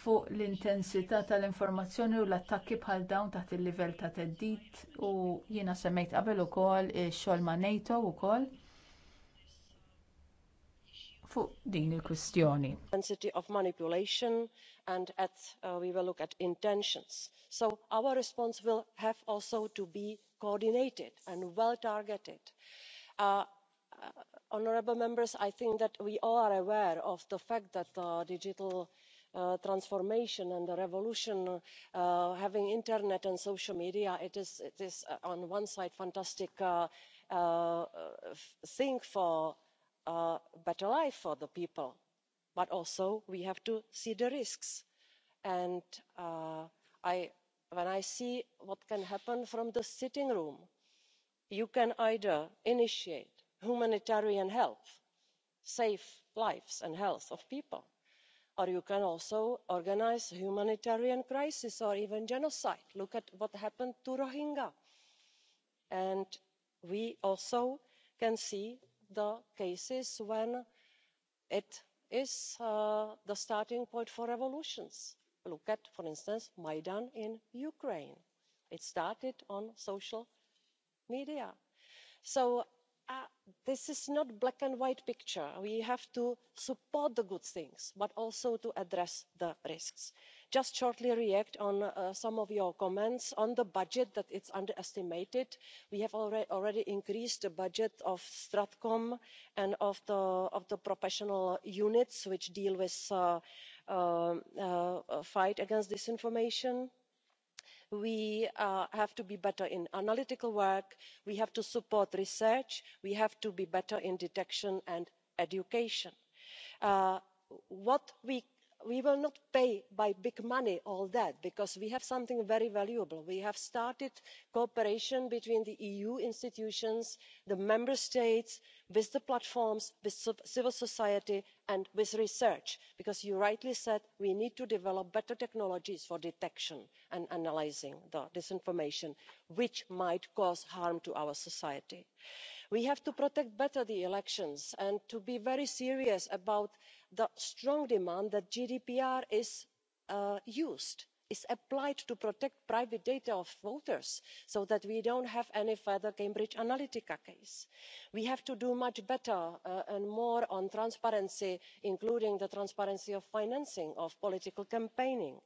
fuq l-intensità tal-informazzjoni u l-attakki bħal dawn taħt il-livell ta' theddid u jiena semmejt qabel ukoll ix-xogħol ma' NATO wkoll fuq din il-kwistjoni. Intensity of manipulation and at, uh, we will look at intentions. So our response will have also to be coordinated and well targeted. Uh, uh honourable members i think that we all are aware of the fact that the digital Uh, transformation and the revolution uh, having the internet and social media it is uh, on one side a fantastic thing for a better life for the people but also we have to see the risks and when i see what can happen from the sitting room you can either initiate humanitarian help save lives and health of people or you can also organise humanitarian crisis or even genocide look at what happened to rohingya. and we also can see the cases when it is uh, the starting point for revolutions look at for instance maidan in ukraine it started on social media. so Ah, this is not a black and white picture. we have to support the good things but also to address the risks. just shortly react on uh, some of your comments on the budget that it's underestimated we have already increased the budget of stratcom and of the professional units which deal with the uh, um, uh, fight against disinformation we uh, have to be better in analytical work we have to support research we have to be better in detection and education. Uh, what we we will not pay by big money all that because we have something very valuable we have started cooperation between the eu institutions the member states with the platforms with civil society and with research because you rightly said we need to develop better technologies for detection and analysing disinformation which might cause harm to our society we have to protect better the elections and to be very serious about the strong demand that gdpr is uh, used is applied to protect private data of voters so that we don't have any further cambridge analytica case. we have to do much better uh, and more on transparency including the transparency of financing of political campaigning.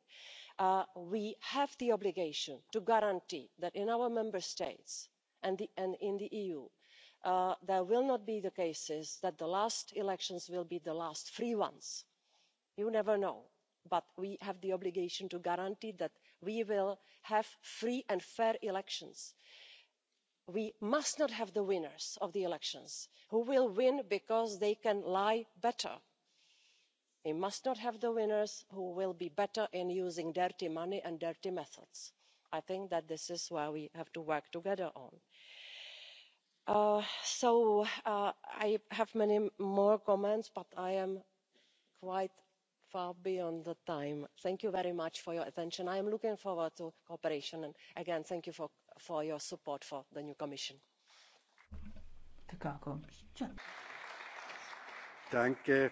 Uh, we have the obligation to guarantee that in our member states and in the eu Uh, there will not be the case that the last elections will be the last free ones you never know but we have the obligation to guarantee that we will have free and fair elections. we must not have the winners of the elections who will win because they can lie better. we must not have the winners who will be better in using dirty money and dirty methods. i think that this is where we have to work together on. Uh, so uh, i have many more comments but i am quite far beyond the time. thank you very much for your attention. i am looking forward to cooperation and again thank you for your support for the new commission. Danke,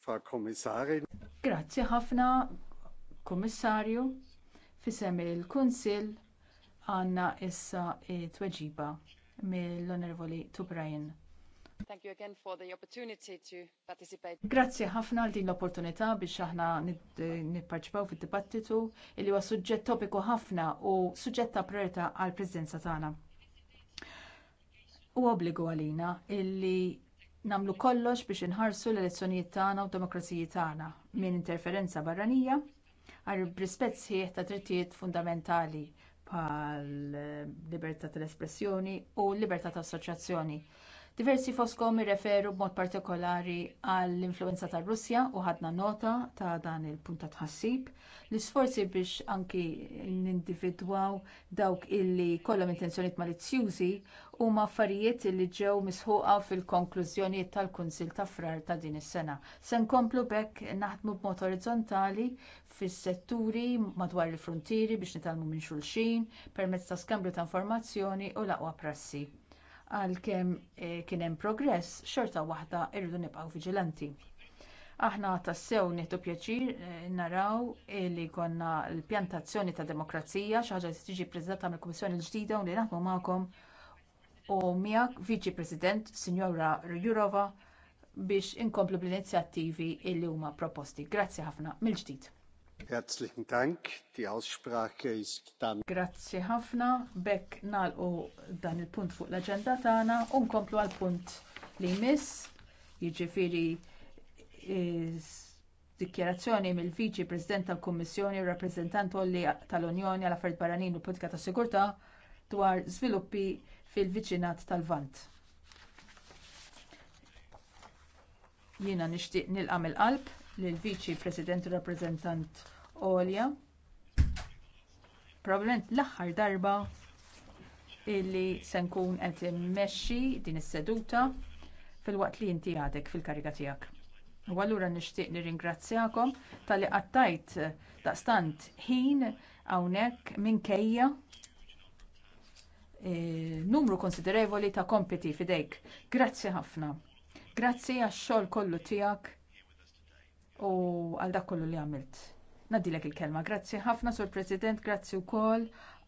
Frau Kommissarin. Grazzi ħafna, il-Kunsill għandna issa t tweġiba mill-Onorevoli Tubrajan. Thank you again for the opportunity to participate. Grazzi ħafna għal din l-opportunità biex aħna nipparċipaw fid-dibattitu li huwa suġġett topiku ħafna u suġġett ta' priorità għall presidenza tagħna. U obbligu għalina illi namlu kollox biex inħarsu l-elezzjonijiet tagħna u d tagħna minn interferenza barranija għal rispett sħiħ ta' drittijiet fundamentali bħal libertà tal-espressjoni u libertà ta' assoċjazzjoni. Diversi foskom irreferu b'mod partikolari għall influenza tar Russja u ħadna nota ta' dan il punta tħassib. L-isforzi biex anki individwaw dawk illi kollha intenzjonijiet malizzjużi huma affarijiet li ġew misħuqa fil-konklużjonijiet tal-Kunsil ta' frar ta' din is-sena. Se nkomplu bekk naħdmu b'mod orizzontali fis-setturi madwar il-frontieri biex nitalmu minn xulxin permezz ta' skambju ta' informazzjoni u l-aqwa prassi għalkemm eh, kien hemm progress xorta waħda rridu nibqgħu viġilanti. Aħna tassew nieħdu pjaċir eh, naraw li konna l-pjantazzjoni ta' demokrazija xi ħaġa li tiġi preżentata mill-Kummissjoni l-ġdida u li naħdmu magħkom u miegħek Viċi President Sinjora Jurova biex inkomplu bl-inizjattivi li huma proposti. Grazzi ħafna mill-ġdid. Herzlichen Dank, die Aussprache ist dann. Grazzi ħafna, bekk nagħlqu dan il-punt fuq l-aġenda tagħna u nkomplu għall punt li jmiss, jiġifieri dikjarazzjoni mill-Viċi President tal-Kummissjoni u rappreżentant tal-Unjoni għal affarijiet barranin u politika ta' sigurtà dwar żviluppi fil-viċinat tal-Vant. Jiena nixtieq nilqa' mill-qalb lill viċi President u Rappreżentant Olja. Probablement l-aħħar darba illi se nkun qed immexxi din is-seduta fil-waqt li inti għadek fil-kariga tiegħek. U allura nixtieq nirringrazzjakom talli qattajt daqstant ħin hawnhekk minkejja eh, numru konsiderevoli ta' kompiti fidejk. Grazzi ħafna. Grazzi għax-xogħol kollu tiegħek u għal dak kollu li għamilt. Nadilek il-kelma. Grazzi ħafna, Sur President, grazzi wkoll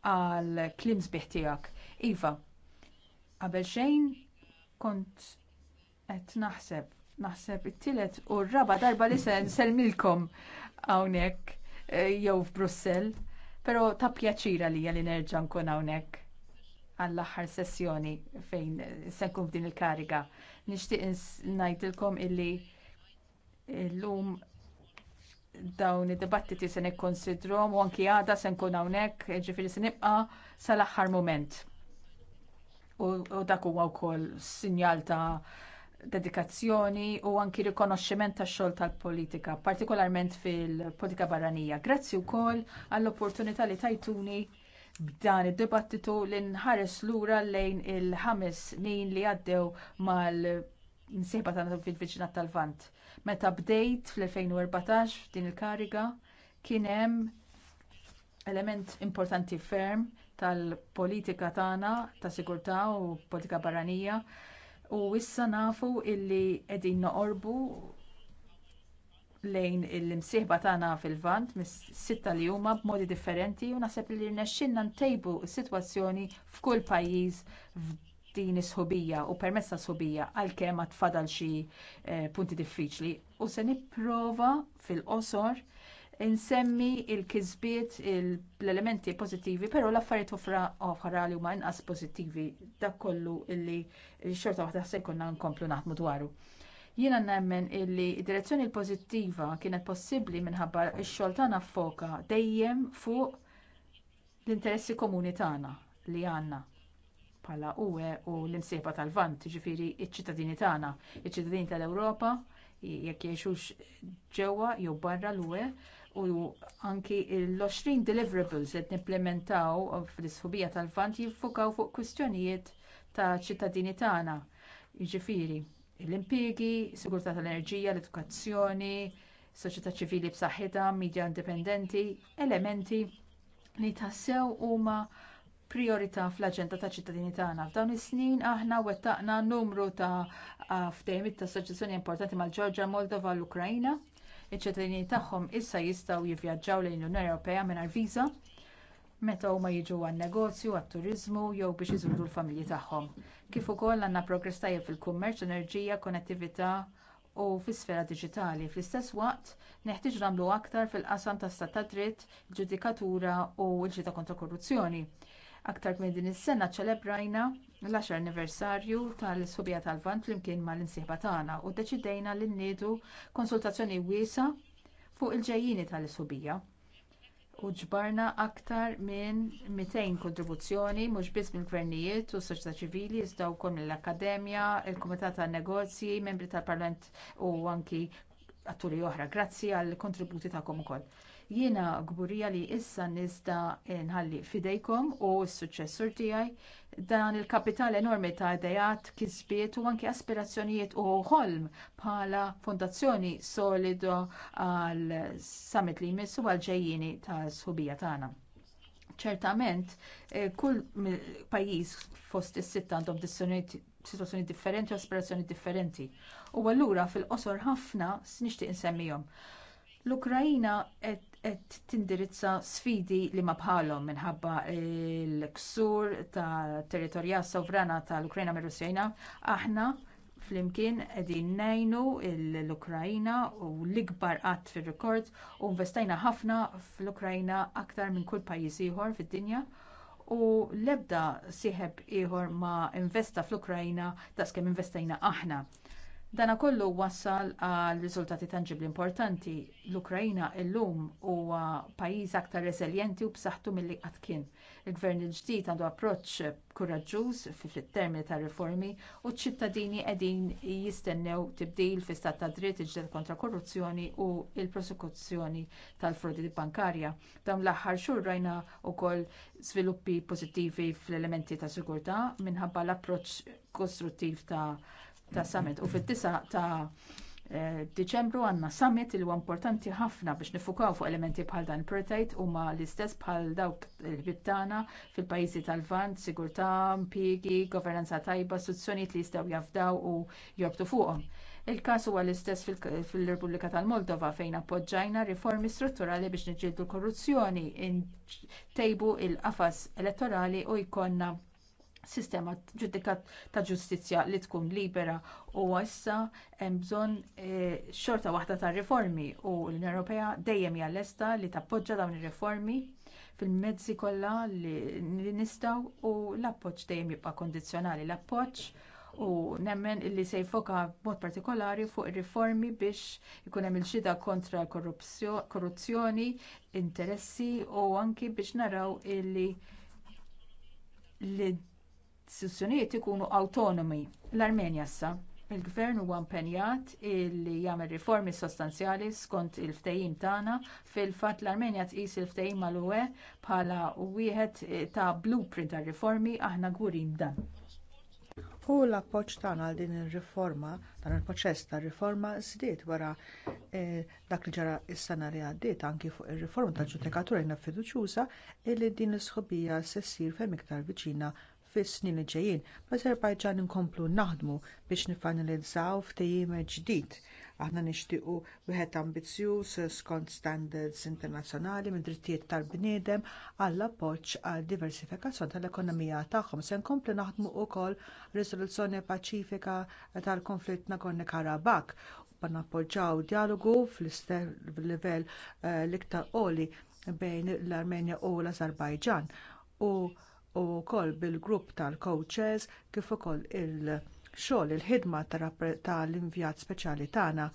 għal klims sbieħ tiegħek. Iva, qabel xejn kont qed naħseb naħseb it-tielet u r-raba darba li se nselmilkom hawnhekk e, jew f'Brussell, però ta' pjaċira li għalli nerġa' nkun hawnhekk għall-aħħar sessjoni fejn se nkun il-kariga. Nixtieq ngħidilkom illi Illum dawn id-dibattiti se nikkonsidrom u anki għada se nkun hawnhekk, ġifieri se nibqa' sal-aħħar mument. U dak huwa wkoll sinjal ta' dedikazzjoni u anki rikonoxximent tax xogħol tal-politika, partikolarment fil-politika barranija. Grazzi wkoll għall-opportunità li tajtuni b'dan id-dibattitu li nħares lura lejn il-ħames snin li għaddew mal- ta' tagħna fil-viċinat tal-Vant. Meta bdejt fl-2014 f'din il-kariga kien hemm element importanti ferm tal-politika tagħna ta' sigurta u politika barranija u issa nafu illi qegħdin noqorbu lejn il-imsieħba tagħna fil-vant mis-sitta li huma b'modi differenti u naħseb li rnexxinna ntejbu s-sitwazzjoni f'kull pajjiż din is u permessa ta' sħubija għalkemm ma tfadal xi eh, punti diffiċli u se nipprova fil-qosor insemmi l-kisbiet l-elementi pożittivi, però l-affarijiet oħra li huma inqas pożittivi dak kollu illi xorta waħda se jkollna nkomplu naħdmu dwaru jiena nemmen illi direzzjoni pożittiva kienet possibbli minħabba x-xogħol tagħna ffoka dejjem fuq l-interessi komuni tagħna li għandna bħala UE u l-imsieħba tal-Vant, ġifiri iċ-ċittadini tagħna, iċ-ċittadini tal-Ewropa, jekk jgħixux ġewwa jew barra l-UE u anki l-20 deliverables qed nimplementaw fl-isħubija tal-Vant jiffukaw fuq kwistjonijiet ta' ċittadini tagħna. Jiġifieri l-impjiegi, sigurtà tal-enerġija, l-edukazzjoni, soċjetà ċivili b'saħħitha, midja indipendenti, elementi li tassew huma priorità fl-aġenda ta' ċittadini tagħna. F'dawn is-snin aħna wettaqna numru ta' ftehimiet ta' soċjazzjoni importanti mal-Ġorġja, Moldova l ukraina Iċ-ċittadini tagħhom issa jistgħu jivvjaġġaw lejn l-Unjoni Ewropea mingħajr viża meta huma jiġu għan-negozju, għat-turiżmu jew biex iżuru l-familji tagħhom. Kif ukoll għandna progress tajjeb fil-kummerċ, enerġija, konnettività u fis-sfera diġitali. Fl-istess waqt, neħtieġ nagħmlu aktar fil-qasam tas-stat ta' dritt, ġudikatura u l-ġita kontra korruzzjoni Aktar minn din is-sena ċelebrajna l-10 anniversarju tal-Subja tal-Vant flimkien mal-insieħba tagħna u ddeċidejna li nniedu konsultazzjoni wiesa fuq il-ġejjini tal-Subija u ġbarna aktar minn 200 kontribuzzjoni mhux biss mill-gvernijiet u s-soċjetà ċivili iżda wkoll mill-Akkademja, il-Kumitat tan-Negozji, membri tal-Parlament u anki atturi oħra. Grazzi għall kontributi tagħkom ukoll. Jiena gburija li issa nista nħalli fidejkom u s suċċessur tiegħi dan il-kapital enormi ta' idejat, kisbiet u anke aspirazzjonijiet u ħolm bħala fondazzjoni solido għal summit li jmissu għal ġejjini ta' sħubija tagħna ċertament eh, kull pajjiż fost is-sitta għandhom situazzjoni differenti u aspirazzjoni differenti. U allura fil-qosor ħafna nixtieq insemmihom. L-Ukrajina qed qed tindirizza sfidi li ma bħalhom minħabba l-ksur ta' territorja sovrana tal-Ukrajna mir-Russjna, aħna flimkien qegħdin ngħinu l-Ukrajna u l-ikbar qatt fir-rekord u investajna ħafna fl-Ukrajna aktar minn kull pajjiż ieħor fid-dinja u l-ebda sieħeb ieħor ma investa fl-Ukrajna ta' skemm investajna aħna. Dana kollu wassal għal riżultati tanġibli importanti. L-Ukrajna llum huwa pajjiż aktar reżiljenti u b'saħħtu milli qatt kien. Il-gvern il-ġdid għandu approċċ kuraġġuż fit-termini ta' riformi u ċ-ċittadini qegħdin jistennew tibdil fi stat ta' dritt iġded kontra korruzzjoni u l prosekuzzjoni tal-frodi bankarja. Dawn l-aħħar xhur rajna wkoll sviluppi pożittivi fl-elementi ta' sigurtà minħabba l-approċċ kostruttiv ta' ta' summit u fid-9 ta' eh, Diċembru għandna summit li huwa importanti ħafna biex nifukaw fuq elementi bħal dan il-prioritajt huma l-istess bħal dawk il bittana tagħna fil-pajjiżi tal-Vant, sigurtà, impjiegi, governanza tajba, istituzzjonijiet li jistgħu jafdaw u jorbtu fuqhom. Il-każ huwa l-istess fil-Repubblika tal-Moldova fejn appoġġajna riformi strutturali biex niġġieldu l-korruzzjoni, tejbu l qafas elettorali u jkollna sistema ġudikat ta' ġustizzja li tkun libera u issa hemm bżonn eh, xorta waħda ta' riformi u l-Unjoni Ewropea dejjem hija lesta li tappoġġa dawn ir-riformi fil-mezzi kollha li nistgħu u l-appoġġ dejjem jibqa' kondizzjonali l-appoġġ u nemmen illi se jfoka b'mod partikolari fuq ir riformi biex ikun hemm il-ġida kontra korruzzjoni, interessi u anki biex naraw illi li istituzzjonijiet ikunu awtonomi. L-Armenja issa il-gvern huwa impenjat li jagħmel riformi sostanzjali skont il-ftehim tagħna fil-fatt l-Armenja tqis il-ftehim mal-UE bħala wieħed ta' blueprint tar riformi aħna gburin dan. U l-appoġġ tagħna għal din ir-riforma, dan il-proċess tar riforma żdied wara eh, dak li ġara s-sena li għaddiet anki fuq ir-riforma tal-ġudikatura jna fiduċjuża li din is-sħobija se ssir fejn iktar viċina fis-snin li ġejjin. L-Azerbajġan inkomplu naħdmu biex nifinalizzaw ftehim ġdid aħna nixtiequ wieħed ambizzjuż skont standards internazzjonali minn drittijiet tal-bniedem għall appoġġ għal diversifikazzjoni tal-ekonomija tagħhom se nkomplu naħdmu wkoll risoluzzjoni paċifika tal-konflitt nagorno Karabakh u nappoġġjaw dijalogu fl-livell eh, l-iktar qoli bejn l-Armenja u l-Azerbajġan u u wkoll bil-grupp tal-coaches kif ukoll il-xogħol il-ħidma tal-invjat speċjali tagħna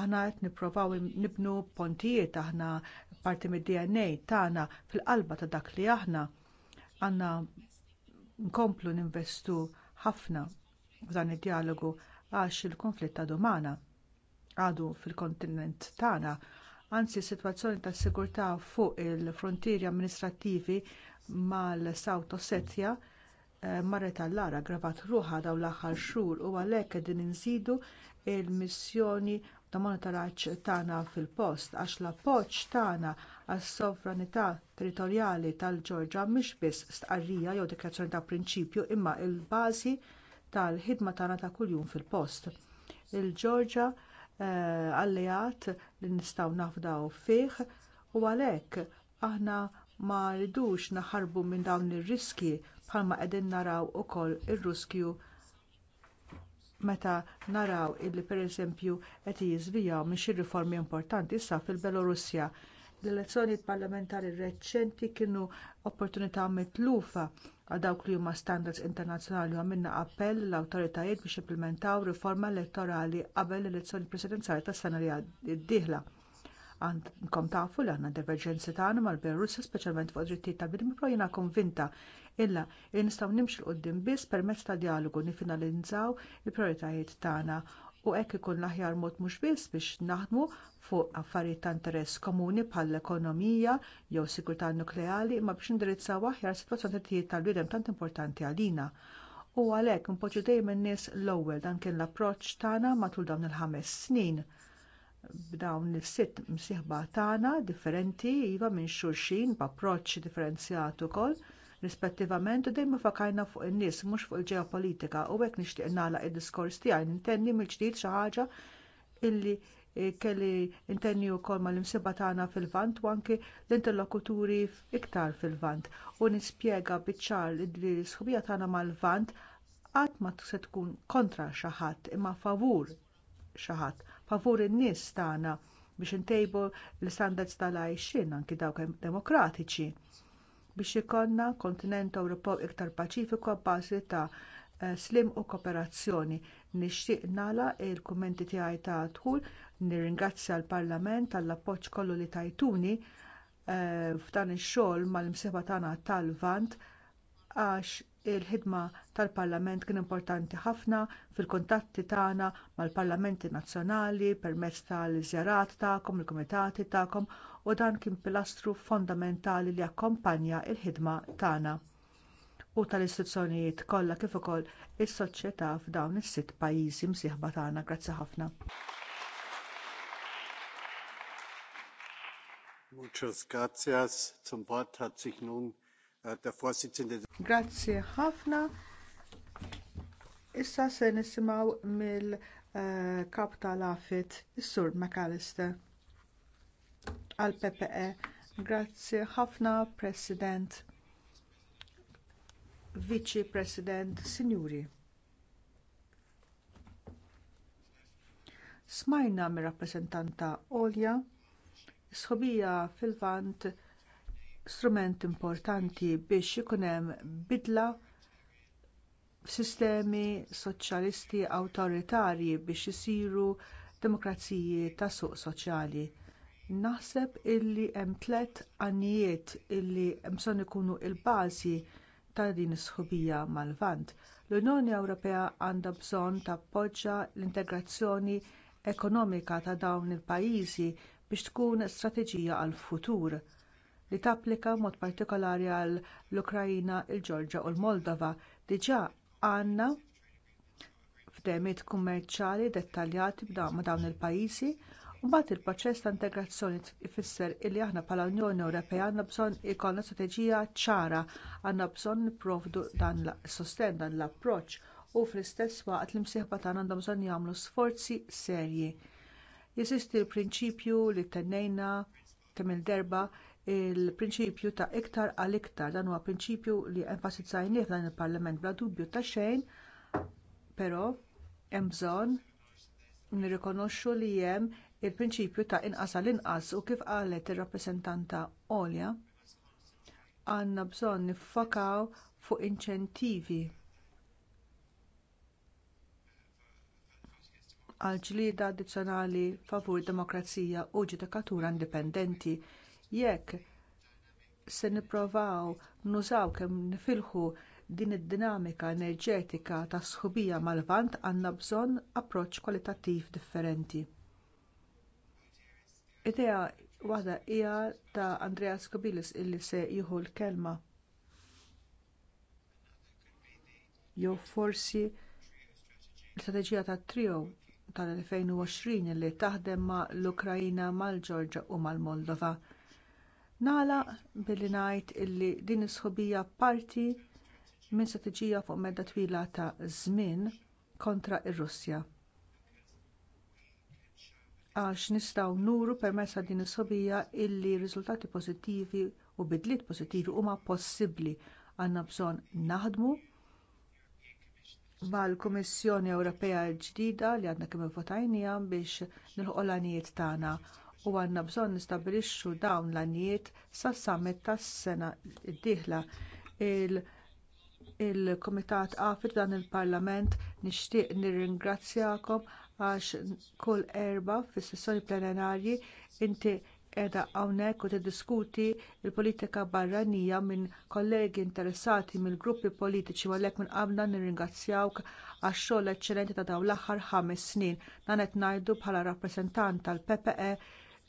aħna qed nippruvaw nibnu pontijiet aħna parti mid-DNA tagħna fil-qalba ta' dak li aħna għandna nkomplu ninvestu ħafna f'dan id-dialogu għax il-konflitt għadu magħna għadu fil-kontinent tagħna Anzi, s-sitwazzjoni tas sigurtà fuq il-frontieri amministrattivi mal-South Ossetia eh, marret tal-lara gravat ruħa dawn l-aħħar xhur u għalhekk qegħdin inżidu l missjoni ta' monitoraġġ tagħna fil-post għax l-appoġġ tagħna għas-sovranità territorjali tal-Ġorġa mhix biss stqarrija jew dikjazzjoni ta' prinċipju imma l bażi tal-ħidma tagħna ta' kuljum fil-post. Il-Ġorġa il Eh, alleat li nistgħu nafdaw fih u għalhekk aħna ma rridux naħarbu minn dawn ir-riski bħalma qegħdin naraw ukoll ir-riskju meta naraw illi pereżempju qed jiżvijaw minn xi riformi importanti issa fil-Belorussja. L-elezzjonijiet parlamentari reċenti kienu opportunità mitlufa għal dawk li huma standards internazzjonali u għamilna appell l awtoritajiet biex implementaw riforma elettorali qabel l-elezzjoni presidenzjali tas-sena li d-dieħla. Għandkom tafu li għandna diverġenzi tagħna mal-Belarusja speċjalment fuq drittijiet tal-bidmi pro jiena konvinta illa li nistgħu nimxu l-qudiem biss permezz ta' dialogu nifinalizzaw il-prioritajiet tagħna u hekk ikun aħjar mod mhux biss biex naħdmu fuq affarijiet ta' interess komuni bħall ekonomija jew sigurtà nukleari imma biex indirizzaw aħjar sitwazzjonijiet tal-bidem tant importanti għalina. U għalhekk impoġġu dejjem in-nies l-ewwel dan kien l-approċċ tagħna matul dawn il-ħames snin b'dawn is-sitt msieħba tagħna differenti iva minn xulxin b'approċċ differenzjat ukoll rispettivament u dejjem fakajna fuq in-nies mhux fuq il-ġeopolitika u hekk nixtieq nagħlaq id-diskors tiegħi intenni mill-ġdid xi ħaġa illi eh, kelli intenni wkoll mal-imsiba tagħna fil-vant u anki l-interlokuturi iktar fil-vant u nispjega biċ-ċar li l-sħubija tagħna mal-vant qatt ma se tkun kontra xi ħadd imma favur xi ħadd favur in-nies tagħna biex intejbu l istandards tal-għajxin anki dawk demokratiċi biex ikollna kontinent Ewropew iktar paċifiku bbażi ta' eh, slim u kooperazzjoni. Nixtieq nagħlaq il-kummenti tiegħi ta' dħul, nirringrazzja l-Parlament tal-appoġġ kollu li tajtuni eh, f'dan ix-xogħol mal-imsieba tagħna tal-Lvant għax il-ħidma tal-Parlament kien importanti ħafna fil-kuntatti tagħna mal-Parlamenti Nazzjonali permezz tal iżjarat tagħkom, il-kumitati tagħkom u dan kien pilastru fondamentali li akkompanja l ħidma tagħna u tal-istituzzjonijiet kollha kif ukoll is-soċjetà f'dawn is-sitt pajjiżi msieħba tagħna. Grazzi ħafna. Muchas gracias. Zum Wort hat sich nun Uh, Grazzi ħafna. Issa se nisimgħu mill-kap uh, tal-afit, is-sur McAllister għal PPE. Grazzi ħafna, President. Viċi President, Sinjuri. Smajna mir rappreżentanta Olja, sħobija fil-vant strument importanti biex ikun hemm bidla f'sistemi soċjalisti awtoritarji biex isiru demokraziji ta' suq soċjali. Naħseb illi hemm tliet għanijiet illi bżonn ikunu l-bażi ta' din is-sħubija mal-Vant. L-Unjoni Ewropea għandha bżonn tappoġġja l-integrazzjoni ekonomika ta' dawn il-pajjiżi biex tkun strateġija għall futur li tapplika mod partikolari għal l-Ukrajina, il-Ġorġa u l-Moldova. Diġà għandna f'temiet kummerċjali dettaljati ma' dawn il-pajjiżi u mbagħad il-proċess ta' integrazzjoni ifisser illi aħna bħala Unjoni Ewropea għandna bżonn ikollna strateġija ċara, għandna bżonn nipprovdu dan sosten dan l-approċċ u fl-istess waqt l-imsieħba tagħna għandhom bżonn jagħmlu sforzi serji. Jeżisti l-prinċipju li tennejna kemm il-darba il-prinċipju ta' iktar għal iktar dan huwa prinċipju li enfasizzajnieh f'dan il-Parlament bla dubju ta' xejn, però hemm bżonn nirrikonoxxu li hemm il-prinċipju ta' inqas għal inqas u kif qalet ir-rappreżentanta Olja għandna bżonn niffakaw fuq inċentivi għal ġlieda addizzjonali favur demokrazija u ġudikatura indipendenti jekk se nipprovaw nużaw kemm nifilħu din id-dinamika enerġetika ta' sħubija mal-vant għandna bżonn approċċ kwalitattiv differenti. Idea waħda hija ta' Andrea Skobilis illi se jieħu l-kelma. Jew forsi l-istrateġija ta' trio tal-2020 li taħdem mal l-Ukrajina, mal-Ġorġa u mal-Moldova. Nagħlaq billi ngħid illi din is-sħobija parti minn strateġija fuq medda twila ta' żmien kontra r-Russja. Għax nistgħu nuru permezz ta' din is-sħobija illi riżultati pożittivi u bidliet pożittivi huma possibbli għandna bżonn naħdmu mal-Kummissjoni Ewropea l ġdida li għandna kemm votajnija biex nilħu l-għanijiet tagħna u għandna bżonn nistabilixxu dawn l-għanijiet sas summit tas-sena d-dieħla il-Kumitat għafir dan il-Parlament nixtieq nirringrazzjakom għax kull erba fis-sessjoni plenarji inti qiegħda hawnhekk u tiddiskuti l politika barranija minn kollegi interessati mill-gruppi politiċi u għalhekk minn qabla nirringrazzjawk għax-xogħol eċċellenti ta' dawn l-aħħar ħames snin. Nanet qed ngħidu bħala rappreżentant tal-PPE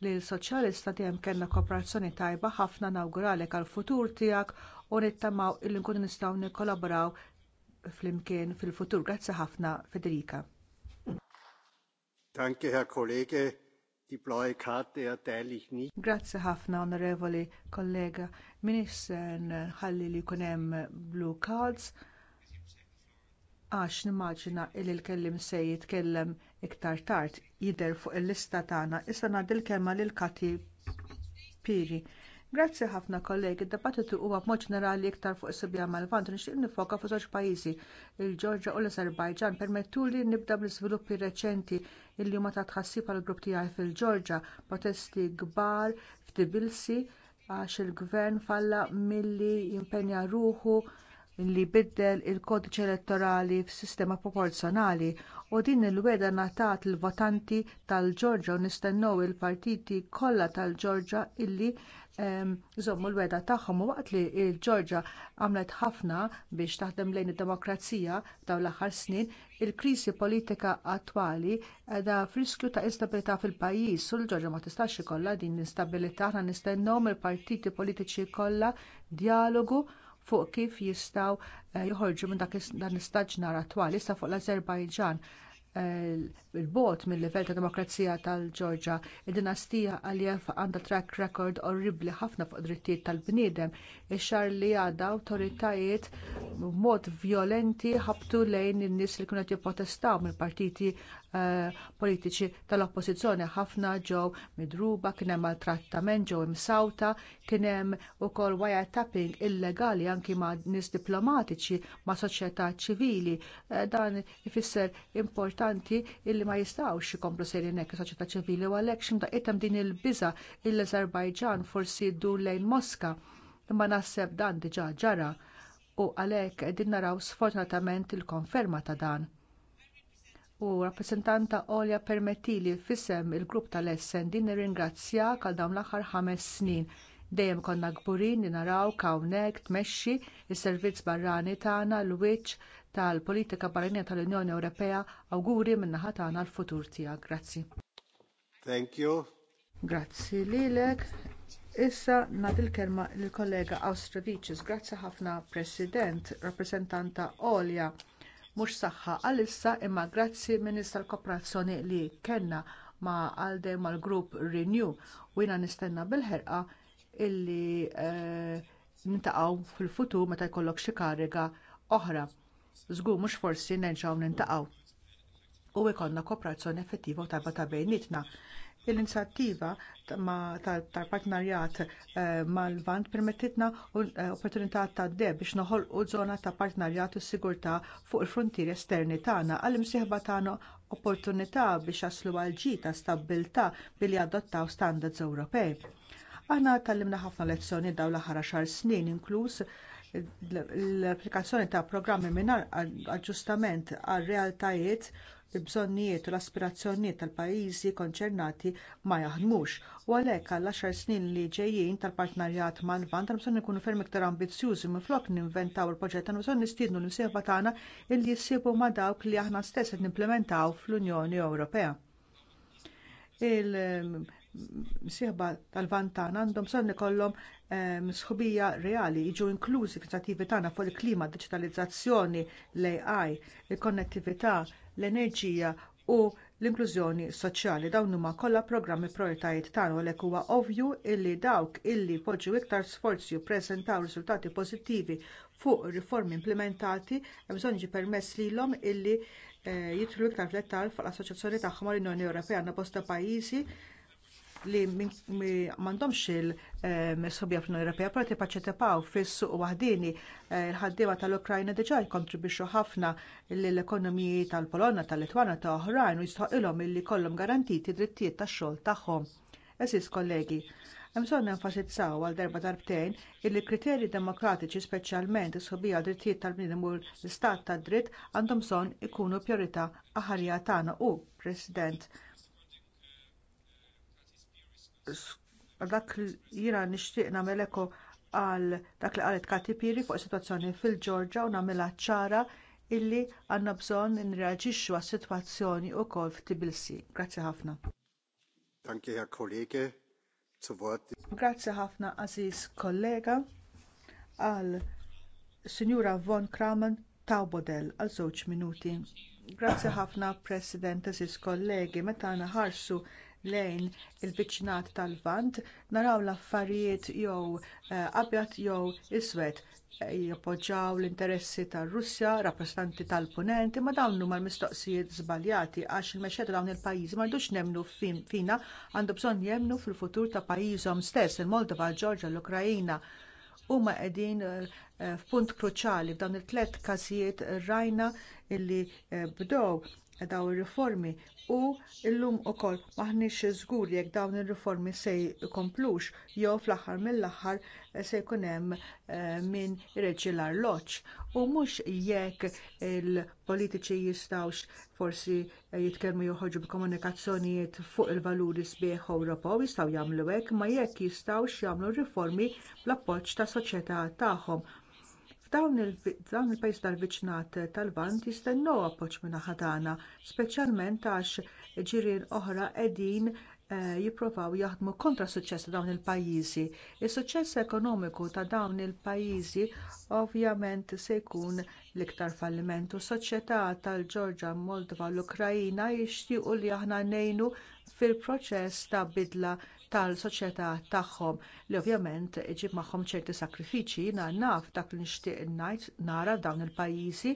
li l-soċjalista tiegħem kellna kooperazzjoni tajba ħafna nawguralek għall futur tiegħek u nittamaw illi nkunu nistgħu nikkolaboraw flimkien fil-futur. Grazzi ħafna Federika. Danke, Herr Kollege. Die blaue Karte erteile ich nicht. Grazie ħafna, onorevoli kollega. Ministern ħalli li jkun hemm blue cards għax nimmaġina il il-kellim sej jitkellem iktar tard jidher fuq il-lista tagħna. Issa ngħaddi l lil Kati Piri. Grazzi ħafna kollegi, id-dibattitu huwa b'mod ġenerali iktar fuq is-sibja mal-vant nixtieq nifoka fuq żewġ pajjiżi, il ġorġja u l-Azerbajġan. Permettuli nibda bl-iżviluppi reċenti illi huma ta' tħassib għall grupp tiegħi fil ġorġja protesti kbar f'Tbilisi għax il-gvern falla milli jimpenja ruħu li biddel il-kodiċ elettorali f'sistema proporzjonali u din il-weda ngħatat il-votanti tal-Ġorġa u nistennew il-partiti kollha tal-Ġorġa illi ehm, żommu l-weda tagħhom u waqt li l-Ġorġa għamlet ħafna biex taħdem lejn id-demokrazija dawn l-aħħar snin, il-krisi politika attwali qiegħda friskju ta' instabilità fil-pajjiż u l-Ġorġa ma tistax ikollha din l-instabilità aħna nistennew mill-partiti politiċi kollha dijalogu fuq kif jistgħu eh, joħorġu minn dan istaġnar attwali issa fuq l-Azerbajġan eh, il-bot mill-livell ta' demokrazija tal-Ġorġa. Id-dinastija Aliyev għandha track record orribli ħafna fuq drittijiet tal-bniedem. Ix-xar li għadda awtoritajiet b'mod vjolenti ħabtu lejn in-nies li kienu qed jipprotestaw mill-partiti Eh, politiċi tal-oppożizzjoni ħafna ġew midruba kien hemm maltrattament ġew imsawta, kien hemm ukoll wiretapping illegali anki ma' nies diplomatiċi ma' soċjetà ċivili. Eh, dan ifisser importanti illi ma jistgħux ikomplu serin hekk soċjetà ċivili u għalhekk x'imda item din il-biża lill azerbajġan forsi ddur lejn Moska imma naħseb dan diġà ġara u għalhekk qegħdin naraw sfortunatament il-konferma ta' dan u rappreżentanta għolja permettili fissem il-grupp tal-SND nirringrazzjak għal dawn l-aħħar ħames snin dejjem konna kburin li naraw hawnhekk tmexxi is servizz barrani tagħna l-wiċċ tal-politika barranija tal-Unjoni Ewropea awguri min-naħa tagħna l-futur tiegħek. Grazzi. Thank you. Grazzi lilek. Issa nad il-kelma lill kollega Austrovicius. Grazzi ħafna President, rappresentanta Olja mhux saħħa għalissa imma grazzi Ministra tal-Kooperazzjoni li kellna ma' għalde mal-grupp Renew u jiena nistenna bil-ħerqa illi uh, eh, nintaqgħu fil-futur meta jkollok xi kariga oħra. Żgur mhux forsi nerġgħu nintaqgħu. U jkollna kooperazzjoni effettiva u tajba ta' bejnietna l-inizjattiva tal-partnerjat eh, mal-Vant permettitna eh, opportunità ta' deb biex noħolqu żona ta' partnerjat u sigurtà fuq il frontier esterni tagħna għal imsieħba tagħna opportunità biex jaslu għal ġi ta' stabbiltà billi adottaw standards Ewropej. Aħna tallimna ħafna lezzjoni dawn l-aħħar xar snin inkluż l-applikazzjoni ta' programmi mingħajr aġġustament għal realtajiet il-bżonnijiet u l-aspirazzjonijiet tal-pajjiżi konċernati ma jaħdmux u għalhekk għall għaxar snin li ġejjin tal-partnerjat mal-Lvant għal bżonn ikunu ferm iktar ambizzjużi minflok ninventaw il-proġett għal bżonn nistiednu l-imsieħba tagħna illi jsibu ma' dawk li aħna stess qed nimplementaw fl-Unjoni Ewropea. Il msieħba tal-vantan għandhom bżonn ikollhom ehm, sħubija reali jiġu inklużi f'inizjattivi tagħna fuq il-klima, diġitalizzazzjoni, l-AI, il-konnettività, l-enerġija u l-inklużjoni soċjali dawn huma kollha programmi prioritajiet tagħna għalhekk huwa ovvju illi dawk illi jpoġġu iktar sforzi jippreżentaw riżultati pożittivi fuq riformi implementati hemm bżonn jiġi permess lilhom illi eh, jidħlu iktar fl-ettal fuq l-assoċjazzjoni tagħhom mal-Unjoni Ewropea għandna bosta pajjiżi li m'għandhomx il-sobja ehm, fl-Unjoni Ewropea però tippaċċetepaw fis-suq waħdini eh, l-ħaddiema tal-Ukrajna diġà jkontribwixxu ħafna lill-ekonomiji tal-Polonja, tal-Litwana ta' oħrajn u jistħoqilhom illi jkollhom garantiti drittijiet tax-xogħol tagħhom. Eżis kollegi, Hemm bżonn nenfasizzaw għal darba darbtejn illi kriterji demokratiċi speċjalment is-sobija drittijiet tal-bniedem u l-istat tad dritt għandhom bżonn ikunu priorità aħarja tagħna u President dak jiena nixtieq nagħmel eko għal dak li qalet katipiri fuq is-sitwazzjoni fil-Ġorġa u nagħmilha ċara illi għandna bżonn nirreaġixxu għas-sitwazzjoni wkoll f'Tbilisi. Grazzi ħafna. Danke, Herr Kollege. Grazzi ħafna, Aziz kollega, għal Sinjura Von Kramen Tawbodel għal żewġ minuti. Grazzi ħafna, President, Aziz kollegi, meta ħarsu lejn il-biċċinat tal-vant naraw l-affarijiet jew eh, abjad jew iswed eh, jappoġġjaw l-interessi tar-Russja, rappresentanti tal-Punent, imma dawn huma l-mistoqsijiet żbaljati għax il mexed ta' dawn il-pajjiżi ma m'għandux nemmnu fina għandu bżonn jemmnu fil-futur ta' pajjiżhom stess, il-Moldova, Ġorġja, l-Ukrajina. Huma qegħdin eh, f'punt kruċjali f'dawn it-tliet każijiet rajna illi bdew daw ir-riformi u llum ukoll maħniex żgur jekk dawn ir-riformi se jkomplux jew fl-aħħar mill-aħħar se jkun hemm eh, min jreġġi u mhux jekk il-politiċi jistgħux forsi eh, jitkellmu joħorġu b'komunikazzjonijiet fuq il-valuri sbieħ Ewropew jistgħu jagħmlu hekk ma jekk jistgħux jagħmlu riformi bl-appoġġ tas soċjetà tagħhom F'dawn il-pajjiż tal-viċinat tal-Vant jistennew appoġġ minn ħadana, speċjalment għax ġirien oħra qegħdin eh, jippruvaw jaħdmu kontra s suċċess ta' dawn il-pajjiżi. Is-suċċess ekonomiku ta' dawn il-pajjiżi ovvjament se jkun l-iktar falliment u soċjetà tal-Ġorġa, Moldova, l ukraina jixtiequ li aħna ngħinu fil-proċess ta' bidla tal-soċjetà tagħhom li ovvjament iġib magħhom ċerti sakrifiċċji. jiena naf dak li nixtieq ngħid nara dawn il-pajjiżi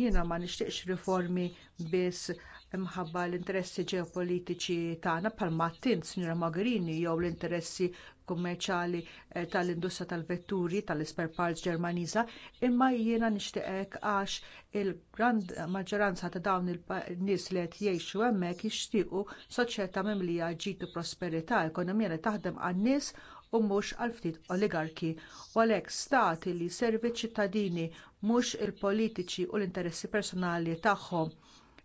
jiena ma nixtieqx riformi biss imħabba l-interessi ġeopolitiċi tagħna bħal mattin Sinjora Mogherini jew l-interessi kummerċali eh, tal-industrija tal-vetturi tal-isper parts Ġermaniża, imma jiena nixtieqek għax il-grand maġġoranza ta' dawn il-nies li qed jgħixu hemmhekk jixtiequ soċjetà mimlija ġid u prosperità, ekonomija li taħdem għan-nies u mhux għal ftit oligarki. U għalhekk stati li servi ċittadini mhux il-politiċi u l-interessi personali tagħhom.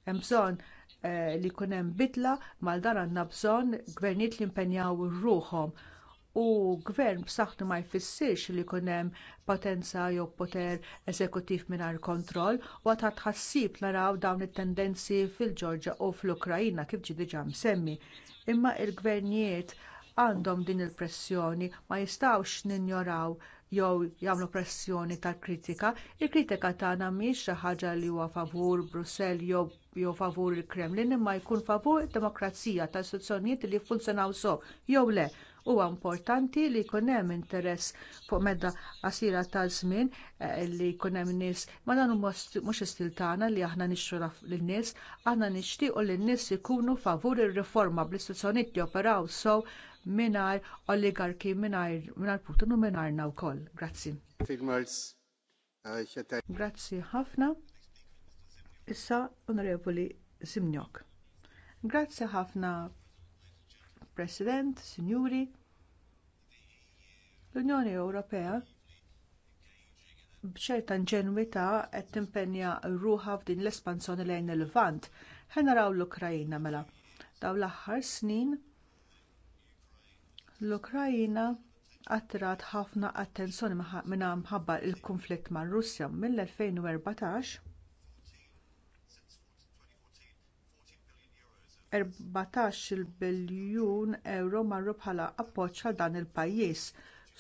Hemm bżonn eh, li jkun hemm bidla mal dan għandna bżonn gvernijiet li impenjaw ruħhom u gvern b'saħħtu ma jfissirx li jkun hemm potenza jew poter eżekuttiv mingħajr kontroll u għad tħassib naraw dawn it-tendenzi fil-Ġorġa u fl-Ukrajna kif ġie diġà msemmi. Imma l gvernijiet għandhom din il-pressjoni ma jistgħux ninjoraw jew jagħmlu pressjoni tal-kritika, il-kritika tagħna mhix xi ħaġa li huwa favur Brussell jew jew favur il-Kremlin imma jkun favur id-demokrazija tal istituzzjonijiet li jiffunzjonaw so jew le Huwa importanti li jkun hemm interess fuq medda qasira ta' żmien eh, li jkun hemm nies ma dan mhux istil tagħna li aħna nixtru lin-nies, aħna nixtiequ li n-nies ikunu favur ir-riforma bl-istituzzjonijiet joperaw sew mingħajr oligarki mingħajr mingħajr Putin u mingħajrna wkoll. Grazzi. Eh, Grazzi ħafna. Issa Onorevoli Simnjok. Grazzi ħafna President, Sinjuri, l-Unjoni Ewropea b'ċerta inġenwità qed timpenja ruħa f'din l-espansjoni lejn il-Lvant. Ħa naraw l-Ukrajina mela. Dawn l-aħħar snin l-Ukrajina attirat ħafna attenzjoni minna mħabba l kunflitt mar Russja mill-2014 14 biljun euro marru bħala appoġġ għal dan il-pajjiż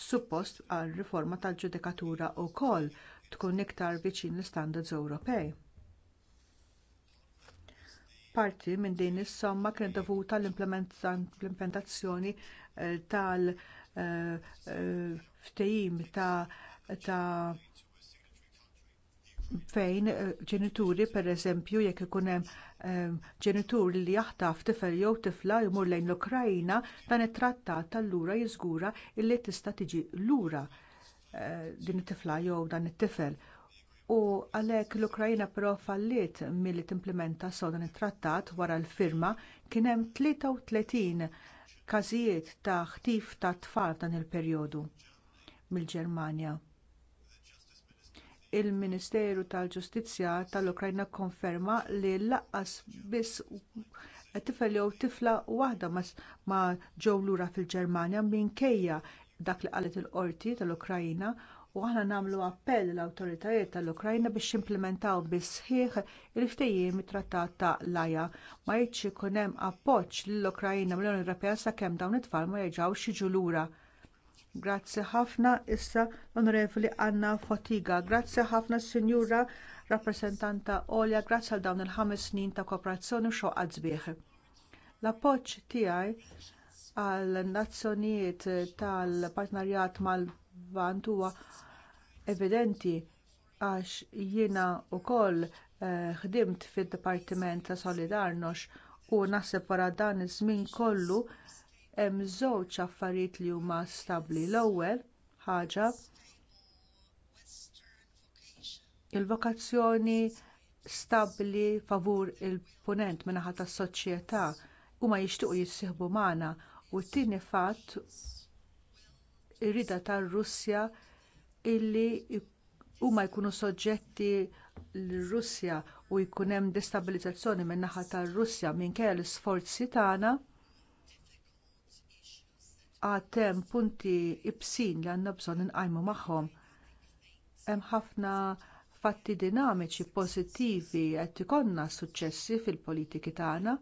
suppost għal riforma tal-ġudikatura wkoll tkun iktar viċin l-standards Ewropej. Parti minn din is-somma kien dovuta l-implementazzjoni eh, tal-ftehim eh, eh, ta' fejn eh, ġenituri pereżempju jekk ikun hemm ehm, ġenituri li jaħtaf tifel jew tifla jmur lejn l-Ukrajna dan it-trattat allura jiżgura li tista' tiġi lura eh, din it-tifla jew dan it-tifel. U għalhekk l-Ukrajna però falliet milli timplementa so dan it-trattat wara l-firma kien hemm 33 każijiet ta' ħtif ta' tfal dan il-perjodu mill-Ġermanja il-Ministeru tal-Ġustizzja tal-Ukrajna kkonferma li laqqas biss tifel jew tifla waħda ma ġew lura fil-Ġermanja minkejja dak li qalet il-qorti tal-Ukrajna u aħna nagħmlu appell lill awtoritajiet tal-Ukrajna biex jimplementaw bis-sħiħ il it trattat ta' Laja ma jitx ikun hemm appoġġ lill-Ukrajna mill-Unjoni Ewropea sakemm dawn it-tfal ma jerġgħux jiġu lura. Grazzi ħafna issa l-Onorevoli Anna Fotiga. Grazzi ħafna Sinjura rappreżentanta Olja, grazzi għal dawn il-ħames snin ta' kooperazzjoni u xoqqa L-appoġġ tiegħi għal nazzjonijiet tal-partnerjat mal-Vant huwa evidenti għax jiena wkoll eh, ħdimt fid-Dipartiment ta' Solidarnox u naħseb wara dan iż-żmien kollu hemm żewġ affarijiet li huma stabbli. L-ewwel ħaġa il-vokazzjoni stabbli favur il-punent min-naħa tas-soċjetà huma jixtiequ jissieħbu magħna u t-tieni fatt ir-rida tar-Russja illi huma jkunu soġġetti lir-Russja u jkun hemm destabilizzazzjoni min-naħa tar-Russja minkejja l-isforzi tagħna għatem punti ibsin li għandna bżonn inqajmu magħhom. Hemm ħafna fatti dinamiċi pożittivi qed ikollna suċċessi fil-politiki tagħna,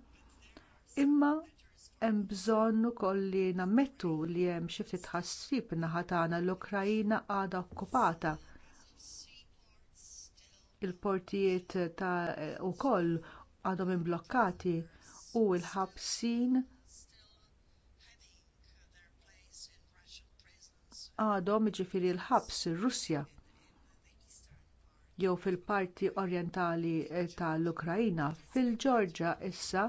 imma hemm bżonn ukoll li nammettu li hemm xi ftit ħassib naħa tagħna l-Ukrajina għadha okkupata il-portijiet ta' wkoll għadhom imblokkati u l-ħabsin għadhom jiġifieri l-ħabs ir-Russja jew fil-parti orjentali eh, tal-Ukrajna fil-Ġorġa issa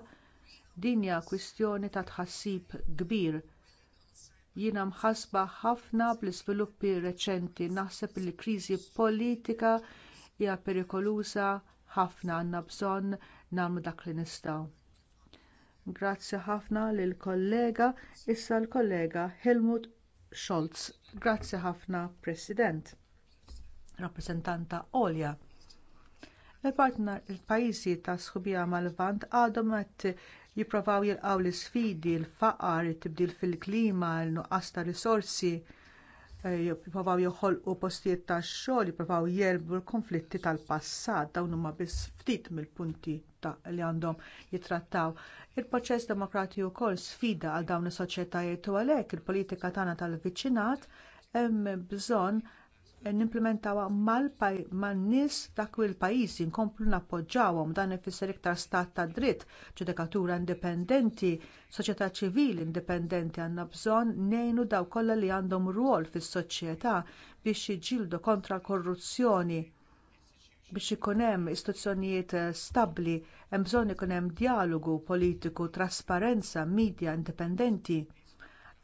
din hija kwistjoni ta' tħassib kbir. Jiena mħassba ħafna bl-iżviluppi reċenti naħseb li l-kriżi politika hija perikoluża ħafna għandna bżonn nagħmlu dak li nistgħu. Grazzi ħafna lill kollega issa l-kollega Helmut Scholz Grazzi ħafna, President. Rappresentanta Olja. Il-partner il-pajjiżi ta' sħubija mal-Vant għadhom qed jipprovaw jilqgħu l isfidi l-faqar, it-tibdil fil-klima, l-nuqqas ta' risorsi Eh, jippruvaw joħolqu postijiet tax xogħol, jippruvaw jerbu l-konflitti tal-passat, dawn huma biss ftit mill-punti li għandhom jitrattaw. Il-proċess demokratiku wkoll sfida għal dawn is-soċjetajiet u għalhekk il-politika tagħna tal-viċinat hemm bżonn Nimplementawha mal-nies dak kull pajjiż inkomplu nappoġġawhom dan ifisser iktar stat ta' dritt, ġudikatura indipendenti, soċjetà ċivili indipendenti għandna bżonn ngħinu daw kollha li għandhom rwol fis-soċjetà biex jiġġieldu kontra korruzzjoni biex ikun hemm istituzzjonijiet eh, stabbli hemm bżonn ikun hemm dijalogu politiku, trasparenza, midja indipendenti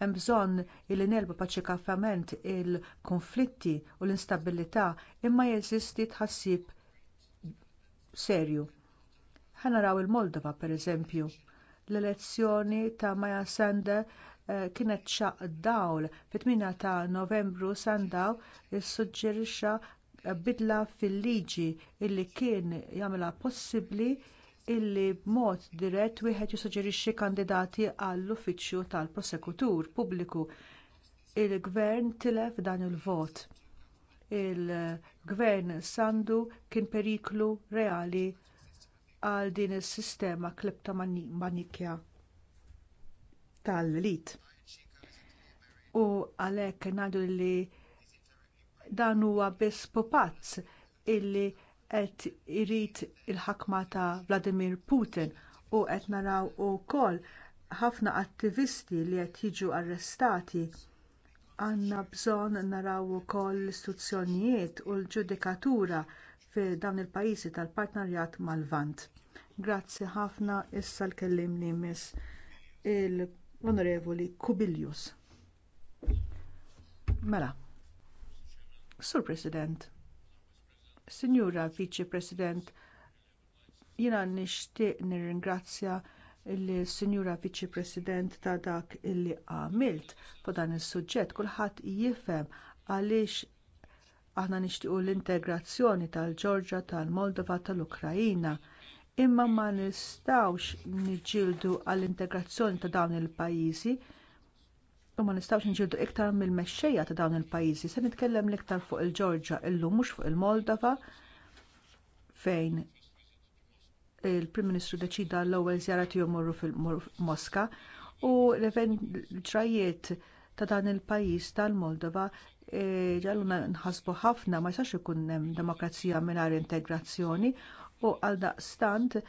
Hemm bżonn li nelbu paċifikament il-konflitti u l-instabilità imma jeżisti tħassib serju. Ħa naraw il-Moldova pereżempju. L-elezzjoni ta' Maja Sanda eh, kienet xaq dawl fit-8 ta' Novembru Sandaw issuġġerixxa bidla fil-liġi illi kien jagħmilha possibbli illi b'mod dirett wieħed jissuġġerixxi kandidati għall-uffiċċju tal-prosekutur pubbliku. Il-gvern tilef dan il-vot. Il-gvern Sandu kien periklu reali għal din is-sistema kleptomanikja tal-elit. U għalhekk ngħidu li dan huwa biss pupazz illi qed irid il-ħakma ta' Vladimir Putin u qed naraw ukoll ħafna attivisti li qed jiġu arrestati għandna bżonn naraw ukoll l-istituzzjonijiet u l-ġudikatura fi dawn il-pajjiżi tal-partnerjat mal-Lvant. Grazzi ħafna issa l-kellim li miss il-Onorevoli Kubilius. Mela, Sur President, Sinjura Viċi President, jiena nixtieq nirringrazzja lis sinjura Viċi President ta' dak illi għamilt fuq dan is-suġġett kulħadd jifhem għaliex aħna nixtiequ l-integrazzjoni tal-Ġorġa, tal-Moldova, tal-Ukrajina. Imma ma nistgħux niġġieldu għall-integrazzjoni ta' dawn il-pajjiżi u ma nistgħux nġildu iktar mill-mexxejja ta' dawn il-pajjiżi. Se nitkellem l-iktar fuq il ġorġja illum mhux fuq il-Moldova fejn il-Prim Ministru deċida l-ewwel żjara tiegħu morru fil-Moska u l-ġrajiet ta' dan il-pajjiż tal-Moldova e, ġalluna nħasbu ħafna ma jistax ikun hemm demokrazija mingħajr integrazzjoni u għaldaqstant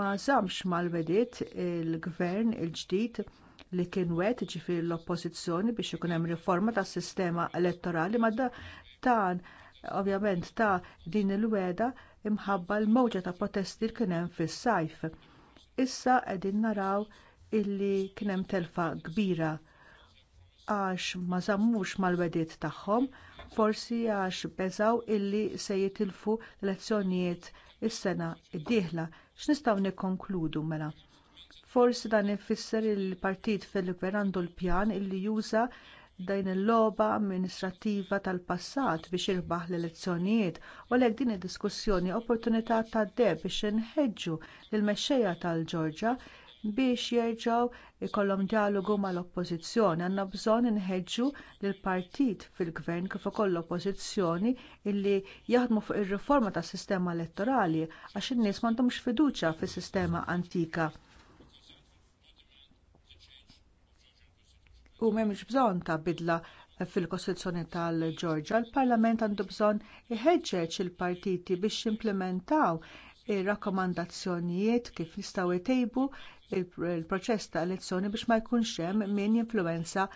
ma żamx mal-bediet il-gvern il-ġdid il gvern il ġdid li kien wet ġifiri l-oppożizzjoni biex ikun hemm riforma tas sistema elettorali ma da ovvjament ta' din il-weda imħabba l-mowġa ta' protesti li kien hemm fis-sajf. Issa qegħdin naraw illi kien hemm telfa kbira għax ma żammux mal-wedit tagħhom, forsi għax beżaw illi se jitilfu l-elezzjonijiet is-sena d-dieħla. X'nistgħu nikkonkludu mela? Forsi dan ifisser il-partit fil-gvern għandu l-pjan illi juża dajn il-logħba amministrattiva tal-passat biex jirbaħ l-elezzjonijiet u għalhekk din id-diskussjoni opportunità tad deb biex inħeġġu lill-mexxejja tal-Ġorġja biex jerġgħu jkollhom dijalogu mal-Oppożizzjoni. Għandna bżonn inħeġġu lill partit fil-gvern kif ukoll l-Oppożizzjoni illi jaħdmu fuq ir-riforma tas-sistema elettorali għax in-nies m'għandhomx fiduċja fis-sistema antika u m'hemmx bżonn ta' bidla fil-Kostituzzjoni tal-Ġorġa. Il-Parlament għandu bżonn iħeġġeġ il-partiti biex jimplementaw ir-rakkomandazzjonijiet kif jistgħu jtejbu il-proċess ta' elezzjoni biex ma jkunx hemm min jinfluwenza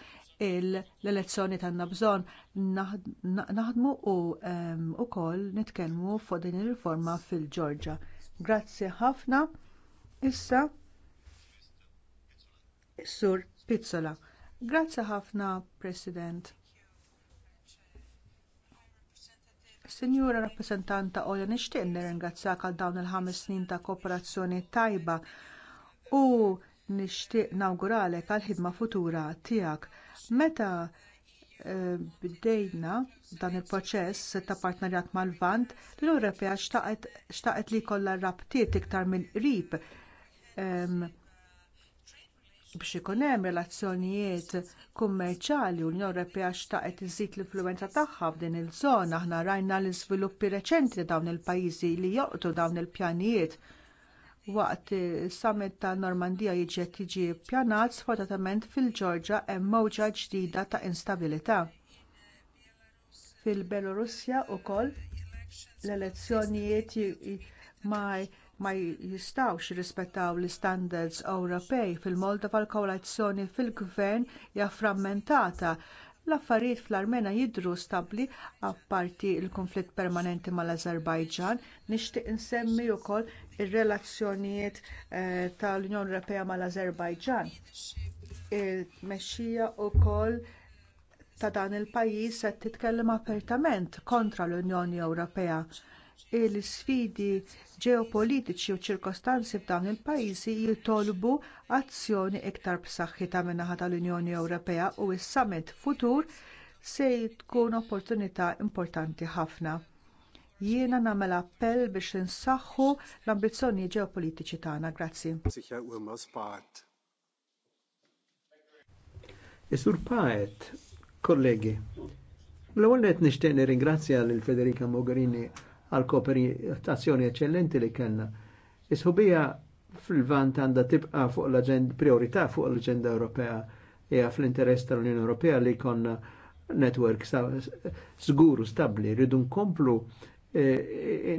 l-elezzjoni tagħna bżonn naħdmu u wkoll nitkellmu fuq din ir-riforma fil-Ġorġa. Grazzi ħafna. Issa Sur Pizzola. Grazzi ħafna, President. Sinjura rappresentanta Oja nixtieq nirringrazzjak għal dawn il-ħames snin ta' kooperazzjoni tajba u nixtieq nawguralek għal ħidma futura tiegħek. Meta eh, bdejna dan il-proċess ta' partnerjat mal-Vant, l-Ewropea xtaqet li jkollha rabtiet iktar mill-qrib ehm, biex ikun hemm relazzjonijiet kummerċjali l-Unjoni Ewropea xtaqet iżid l-influenza tagħha f'din iż-żona aħna rajna l-iżviluppi reċenti dawn il-pajjiżi li joqtu dawn il-pjanijiet waqt summit ta' Normandija jiġet jiġi ppjanat sfortatament fil-Ġorġa hemm mowġa ġdida ta' instabilità. Fil-Belorussja wkoll l-elezzjonijiet ma' ma jistawx jirrispettaw l istandards Ewropej fil-Moldova l kolazzjoni fil-gvern hija frammentata l-affarijiet fl-Armena jidhru stabbli apparti l konflitt permanenti mal-Azerbajġan, nixtieq insemmi wkoll ir-relazzjonijiet eh, tal-Unjoni Ewropea mal-Azerbajġan. Il-mexxija wkoll ta' dan il-pajjiż qed titkellem apertament kontra l-Unjoni Ewropea il isfidi ġeopolitiċi u ċirkostanzi f'dawn il-pajjiżi jitolbu azzjoni iktar b'saħħitha min-naħa tal-Unjoni Ewropea u s-summit futur se tkun opportunità importanti ħafna. Jiena nagħmel appell biex insaħħu l-ambizzjoni ġeopolitiċi tagħna. Grazzi. Isur Paet, kollegi, l Federica Mogherini għal kooperazzjoni eccellenti li kellna. Isħubija fil-vant għanda tibqa fuq l-agenda, priorità fuq l-agenda Ewropea e fl-interess tal-Unjoni Ewropea li konna network sguru stabli rridu nkomplu e, e,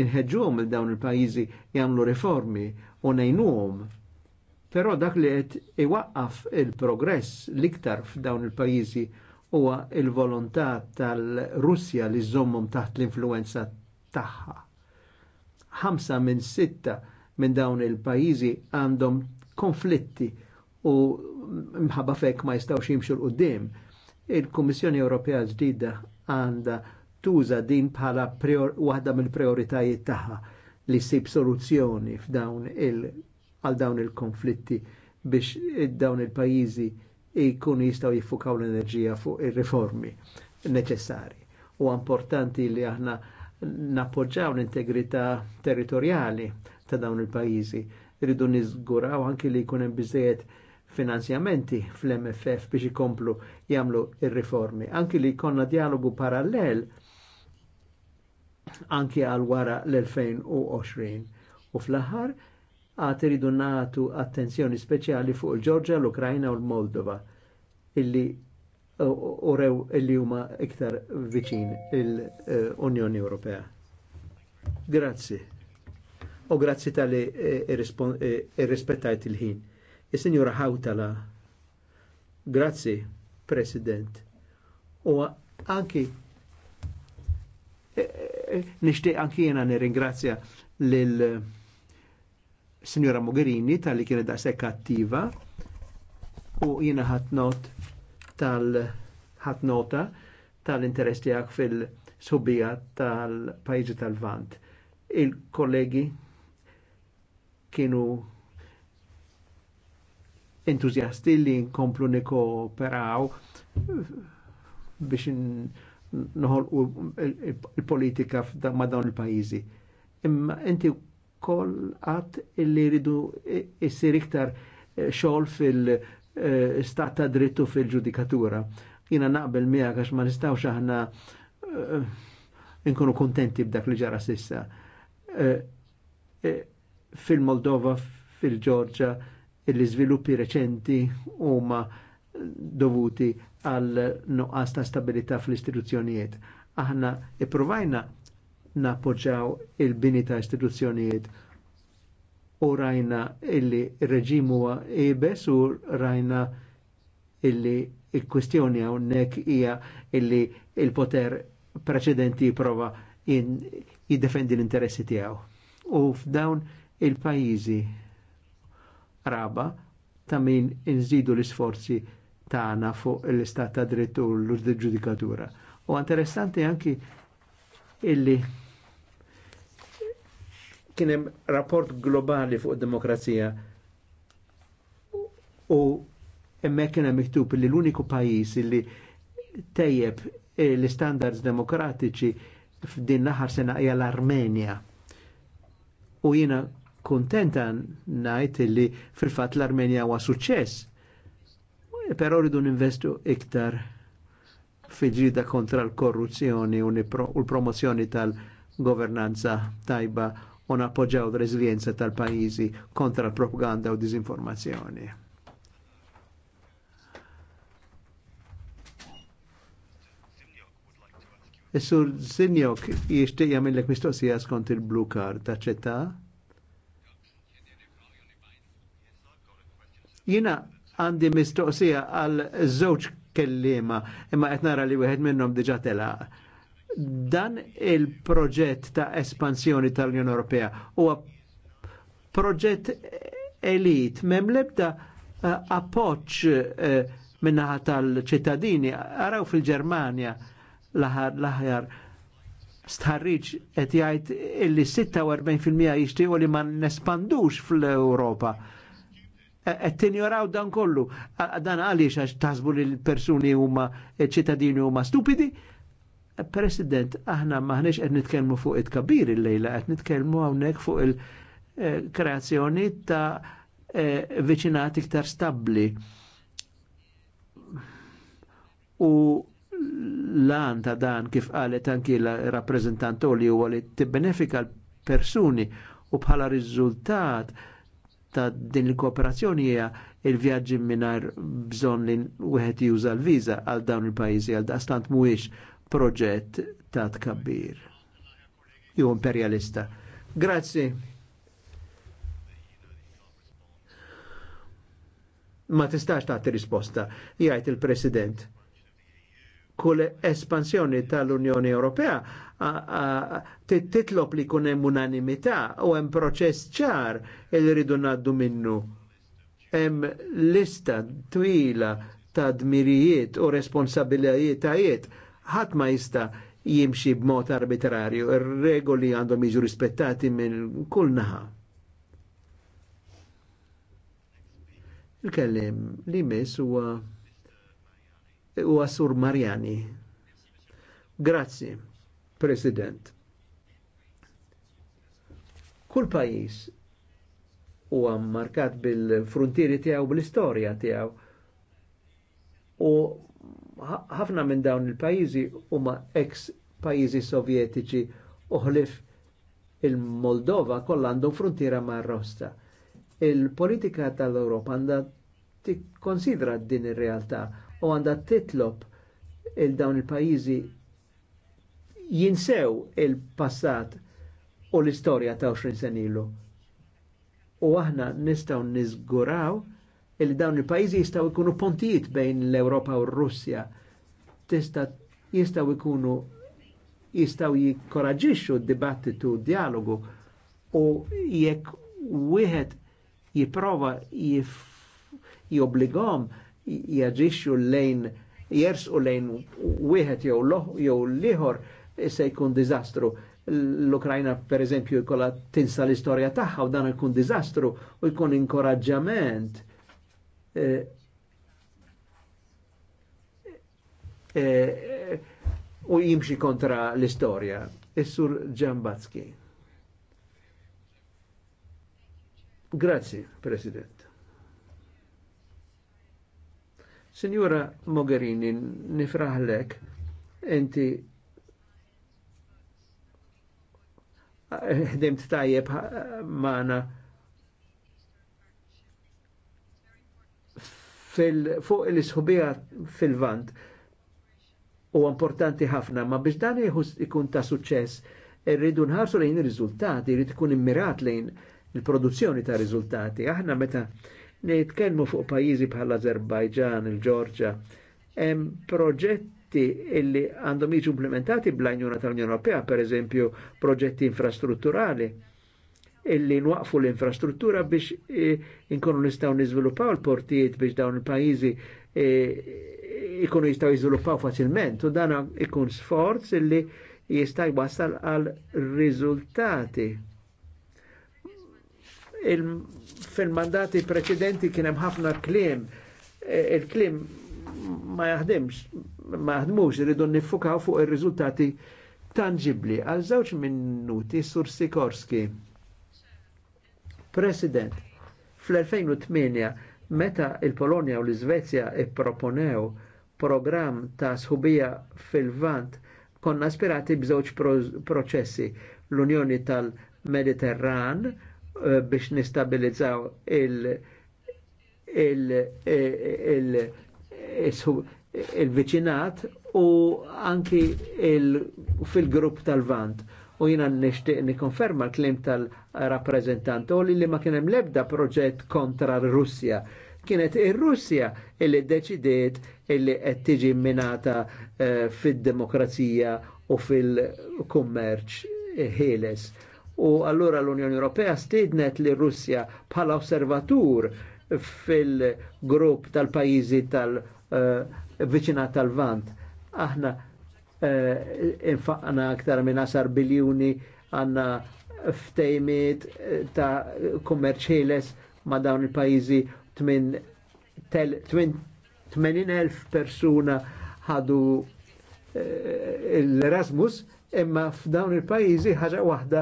inħedġuhom il dawn il-pajjiżi jagħmlu reformi u ngħinuhom. Però dak li qed iwaqqaf il-progress l-iktar f'dawn il-pajjiżi huwa il-volontà tal-Russja li żommhom taħt l-influenza tagħha. Ħamsa minn sitta minn dawn il-pajjiżi għandhom konflitti u mħabba fek ma jistawx jimxu l qudiem Il-Kummissjoni Ewropea ġdida għandha tuża din bħala waħda mill-prioritajiet tagħha li ssib soluzzjoni f'dawn il għal dawn il-konflitti biex dawn il-pajjiżi il jkun jistaw jiffukaw l-enerġija fuq ir-riformi neċessari. U importanti li aħna nappoġġaw l-integrità territorjali ta' dawn il-pajjiżi. Rridu nizguraw anki li jkun hemm biżejjed finanzjamenti fl-MFF biex ikomplu jagħmlu ir-riformi. Anki li jkollna dialogu parallel anki għal wara l-2020. U fl-aħħar għat iridu natu attenzjoni speċjali fuq il-Ġorġa, l-Ukrajna u l-Moldova illi u rew illi huma iktar viċin il unjoni Ewropea. Grazzi. U grazzi tal-li e, e, irrispettajt e, il-ħin. il sinjura Hautala, grazzi, President. U anki nishtiq anki jena nirringrazzja lil Signora Mogherini tal-li kienet daqshekk attiva u jiena ħadd not tal ħadd nota tal-interess tiegħek fil-subija tal-pajjiżi tal-Vant. Il-kollegi kienu entuzjasti li nkomplu nikoperaw biex noħolqu il-politika ma' dawn il-pajjiżi. Imma inti ukoll għat li jridu issir iktar eh, xogħol fil-stat eh, ta' drittu fil-ġudikatura. Jina naqbel miegħek għax ma nistgħux aħna eh, inkunu kontenti b'dak li ġara sissa. Fil-Moldova, fil-Ġorġa, l-iżviluppi reċenti huma dovuti għal nuqqas ta' stabilità fl-istituzzjonijiet. Aħna ipprovajna nappoġġaw il-bini ta' istituzzjonijiet u rajna illi reġim huwa ibes u rajna illi il-kwistjoni hawnhekk hija illi il-poter preċedenti prova jiddefendi l-interessi tiegħu. U f'dawn il-pajjiżi raba ta' min inżidu l-isforzi tagħna fuq l-istat ta' drittu u l-ġudikatura. U interessanti anki illi kienem rapport globali fuq demokrazija u emmek kiena miktub li l-uniku pajis illi tejjeb eh, l-standards demokratiċi f'din naħar sena hija l-Armenja. U jiena kontenta najt illi fil-fat l-Armenja huwa suċċess. Però rridu ninvestu iktar fiġida kontra l-korruzzjoni u l-promozzjoni tal-governanza tajba u nappoġġaw l-reżiljenza tal-pajjiżi kontra l-propaganda u dizinformazzjoni. Is-sur Sinjok jixtieq jagħmilek mistoqsija skont il-blue card taċċetta? Jiena għandi mistoqsija għal żewġ kellima, imma qed nara li wieħed minnhom diġà telaq. Dan il-proġett ta' espansjoni tal-Unjoni Ewropea huwa proġett elit, mem lebda eh, appoċ eh, minnaħa tal-ċittadini, araw fil-Germania l-ħajar stħarriġ et jgħajt illi 46% jishtiqo li ma nespandux fl-Europa qed tinjoraw dan kollu. Dan għaliex għax taħsbu li l-persuni huma ċittadini huma stupidi. President, aħna maħniex qed nitkellmu fuq it-kabir il-lejla, qed nitkellmu hawnhekk fuq il-kreazzjoni eh, ta' eh, viċinati iktar stabbli. U l-an ta' dan kif qalet anki l-rappresentant li huwa li tibbenefika l-persuni u bħala riżultat ta' din il-kooperazzjoni hija il-vjaġġi mingħajr bżonn li wieħed juża l-viża għal dawn il-pajjiżi għal daqstant mhuwiex proġett ta' tkabbir. Jew imperjalista. Grazzi. Ma tistax tagħti risposta, jgħid il-President kull espansjoni tal-Unjoni Ewropea titlop li kun hemm unanimità u hemm proċess ċar il ridu naddu minnu. Hemm lista twila ta' dmirijiet u responsabilitajiet ħadd ma jista' jimxi b'mod arbitrarju, ir-regoli għandhom jiġu rispettati minn kull naħa. Il-kellim li mis huwa u Assur Marjani. Grazzi, President. Kull pajis u markat bil-frontieri tiegħu bil-istorja tiegħu. U ħafna minn dawn il-pajjiżi huma ex pajjiżi sovjetiċi uħlif il-Moldova kollha għandhom frontiera ma' Rosta. Il-politika tal-Europa għandha tikkonsidra din ir-realtà u għanda titlob il-dawn il pajizi jinsew il-passat u l istoria ta' 20 senilu. U aħna nistaw nizguraw il dawn il pajizi jistaw ikunu pontijiet bejn l europa u r-Russja. Jistaw ikunu jistaw jistgħu dibattitu dialogu u jekk wieħed jipprova jobbligom jif jaġixxu lejn jersqu lejn wieħed jew loħ jew liħor se jkun diżastru. L-Ukrajna per eżempju jkollha tinsa l-istorja tagħha u dan ikun diżastru u jkun inkoraġġament eh, eh, u jimxi kontra l-istorja. Issur Ġambatski. Grazie, President. Signora Mogherini, nifraħlek, inti ħdimt tajjeb maħna fuq il isħubija fil-vant u importanti ħafna, ma biex dan ikun ta' suċċess, irridu nħarsu lejn ir-riżultati, irrid ikun immirat lejn il-produzzjoni ta' riżultati. Aħna meta Nitkellmu fuq pajjiżi bħal Azerbajġan, il-Ġorġa, hemm proġetti illi għandhom jiġu implementati bl-Ajnuna tal-Unjoni Ewropea, per eżempju proġetti infrastrutturali illi nwaqfu l-infrastruttura biex eh, inkunu nistaw niżviluppaw l-portijiet biex dawn il-pajjiżi eh, ikunu jistaw jizviluppaw facilment u dana ikun sforz illi jistaj wasal għal riżultati fil-mandati preċedenti kien hemm ħafna kliem, e, il-kliem ma jaħdimx, ma jaħdmux, irridu nifukaw fuq ir-riżultati tangibli. Għal żewġ minuti sur Sikorski. President, fl-2008 meta il-Polonja u l-Iżvezja ipproponew programm ta' sħubija fil-vant konna aspirati bżewġ proċessi l-Unjoni tal-Mediterran Eh, biex nistabilizzaw il- vicinat viċinat u anki fil-grupp tal-vant. U jina nishtiq nikonferma l-klim tal-rappresentant u li ma kienem lebda proġett kontra r-Russja. Kienet ir-Russja illi deċidiet illi qed tiġi minata eh, fid-demokrazija u fil-kummerċ ħieles. Uh, U allura l-Unjoni Ewropea stidnet li Russja bħala osservatur fil-grupp tal-pajizi tal-vicinat eh, tal-Vant. Aħna eh, infaqna aktar minn 10 biljuni għanna ftejmiet eh, ta' kummerċiles ma' dawn il-pajizi 80.000 persuna ħadu l-Erasmus imma f'dawn il-pajizi ħaġa waħda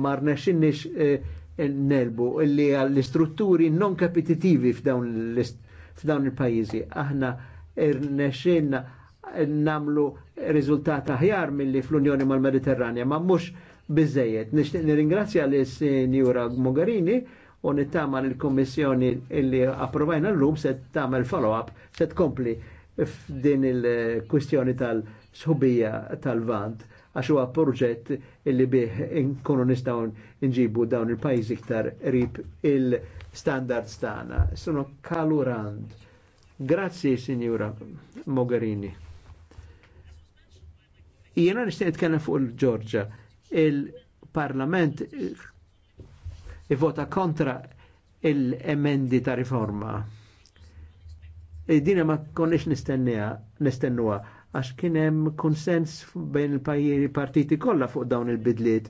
mar nexinniex eh, eh, nelbu illi għall-istrutturi non kapititivi f'dawn il-pajjiżi. Aħna irnexinna namlu riżultat aħjar mill-li fl-Unjoni mal-Mediterranja, ma mhux biżejjed. Nixtieq nirringrazzja li sinjura Mogherini u nittama l-Kommissjoni illi approvajna l-lum se tagħmel follow-up, se tkompli f'din il-kwistjoni tal-sħubija tal-vant għax huwa proġett illi bih nkunu nistgħu nġibu dawn il-pajjiżi iktar rib il-standards tagħna. Sono kalurand. Grazzi, Signora Mogherini. Jena nixtieq nitkellem fuq il-Ġorġa. Il-Parlament ivota kontra il-emendi ta' riforma. E dina ma konniex nistennija, nistennuha għax kien hemm konsens bejn il-pajjieri partiti kollha fuq dawn il-bidliet.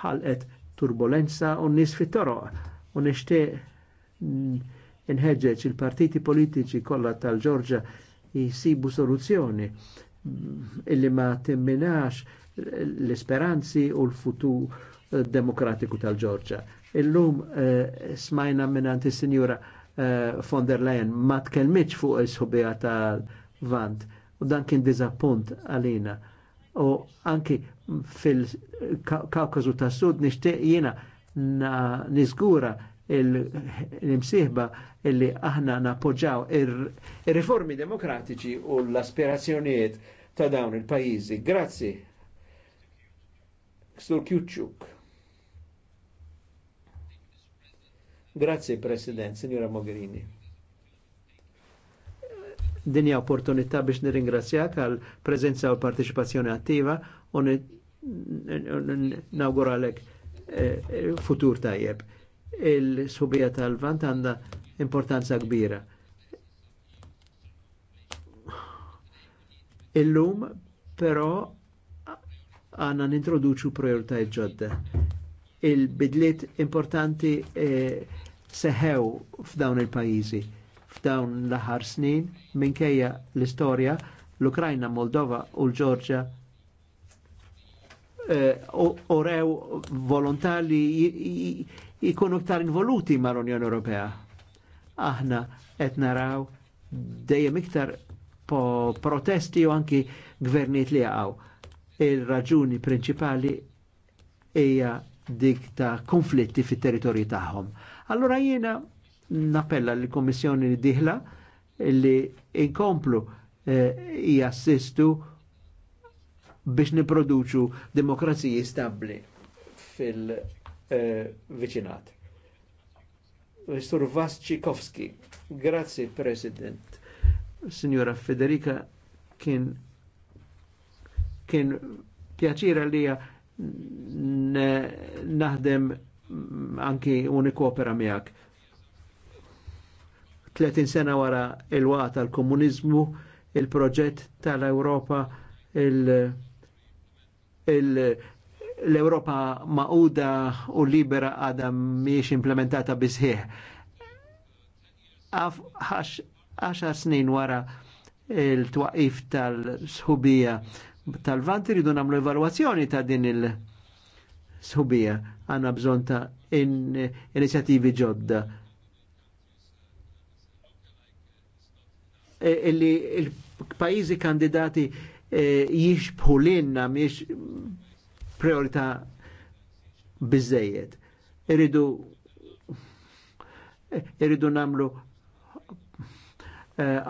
Ħalqet turbolenza u nies fit-toroq u nixtieq inħeġġeġ il-partiti politiċi kollha tal-Ġorġa jisibu soluzzjoni illi ma timminax l esperanzi u l-futur eh, demokratiku tal-Ġorġa. Illum eh, smajna minn il senjura eh, von der Leyen ma tkellmitx fuq is-ħubija tal-Vant u dan kien dizappunt għalina. U anki fil kaukazu ta' Sud nixtieq jiena nizgura l-imsieħba illi aħna napoġġaw ir-riformi demokratiċi u l-aspirazzjonijiet ta' dawn il-pajjiżi. Grazzi. Sur Kjuċuk. Grazie President, Signora Mogherini. Dinja opportunità biex nirringrazzjak għal preżenza u partecipazzjoni attiva u nawguralek eh, futur tajjeb. Il-subija tal-vant għanda importanza kbira. Illum, però, għanna nintroduċu prioritajiet ġodda. Il-bidliet importanti eh, seħew f'dawn il-pajizi f'dawn l-aħħar snin minkejja l-istorja l-Ukrajna, Moldova u l-Ġorġa orew eh, volontà li jikunu ktar involuti mal-Unjoni Ewropea. Aħna qed naraw dejjem iktar protesti u anki gvernijiet li jaqgħu. Il-raġuni prinċipali hija dik ta' konflitti fit-territorju tagħhom. Allura jiena napella li kommissjoni li diħla li inkomplu eh, jassistu biex niproduċu demokraziji stabli fil-vicinat. Eh, Sur Vasċikowski, grazie President, Signora Federica, kien kien pjaċira li naħdem anki unikopera miak 30 sena wara il-waqt tal-komunizmu, il-proġett tal-Europa, l-Europa maquda u libera għadha miex implementata bisħieħ. Għaxar snin wara il-twaqif tal-sħubija tal-vant iridu namlu evalwazzjoni ta' din il-sħubija. Għanna bżon ta' in inizjativi ġodda Eh, illi il-pajizi kandidati eh, jiexbħu l-inna miex priorita bizzejiet. Irridu eh, irridu namlu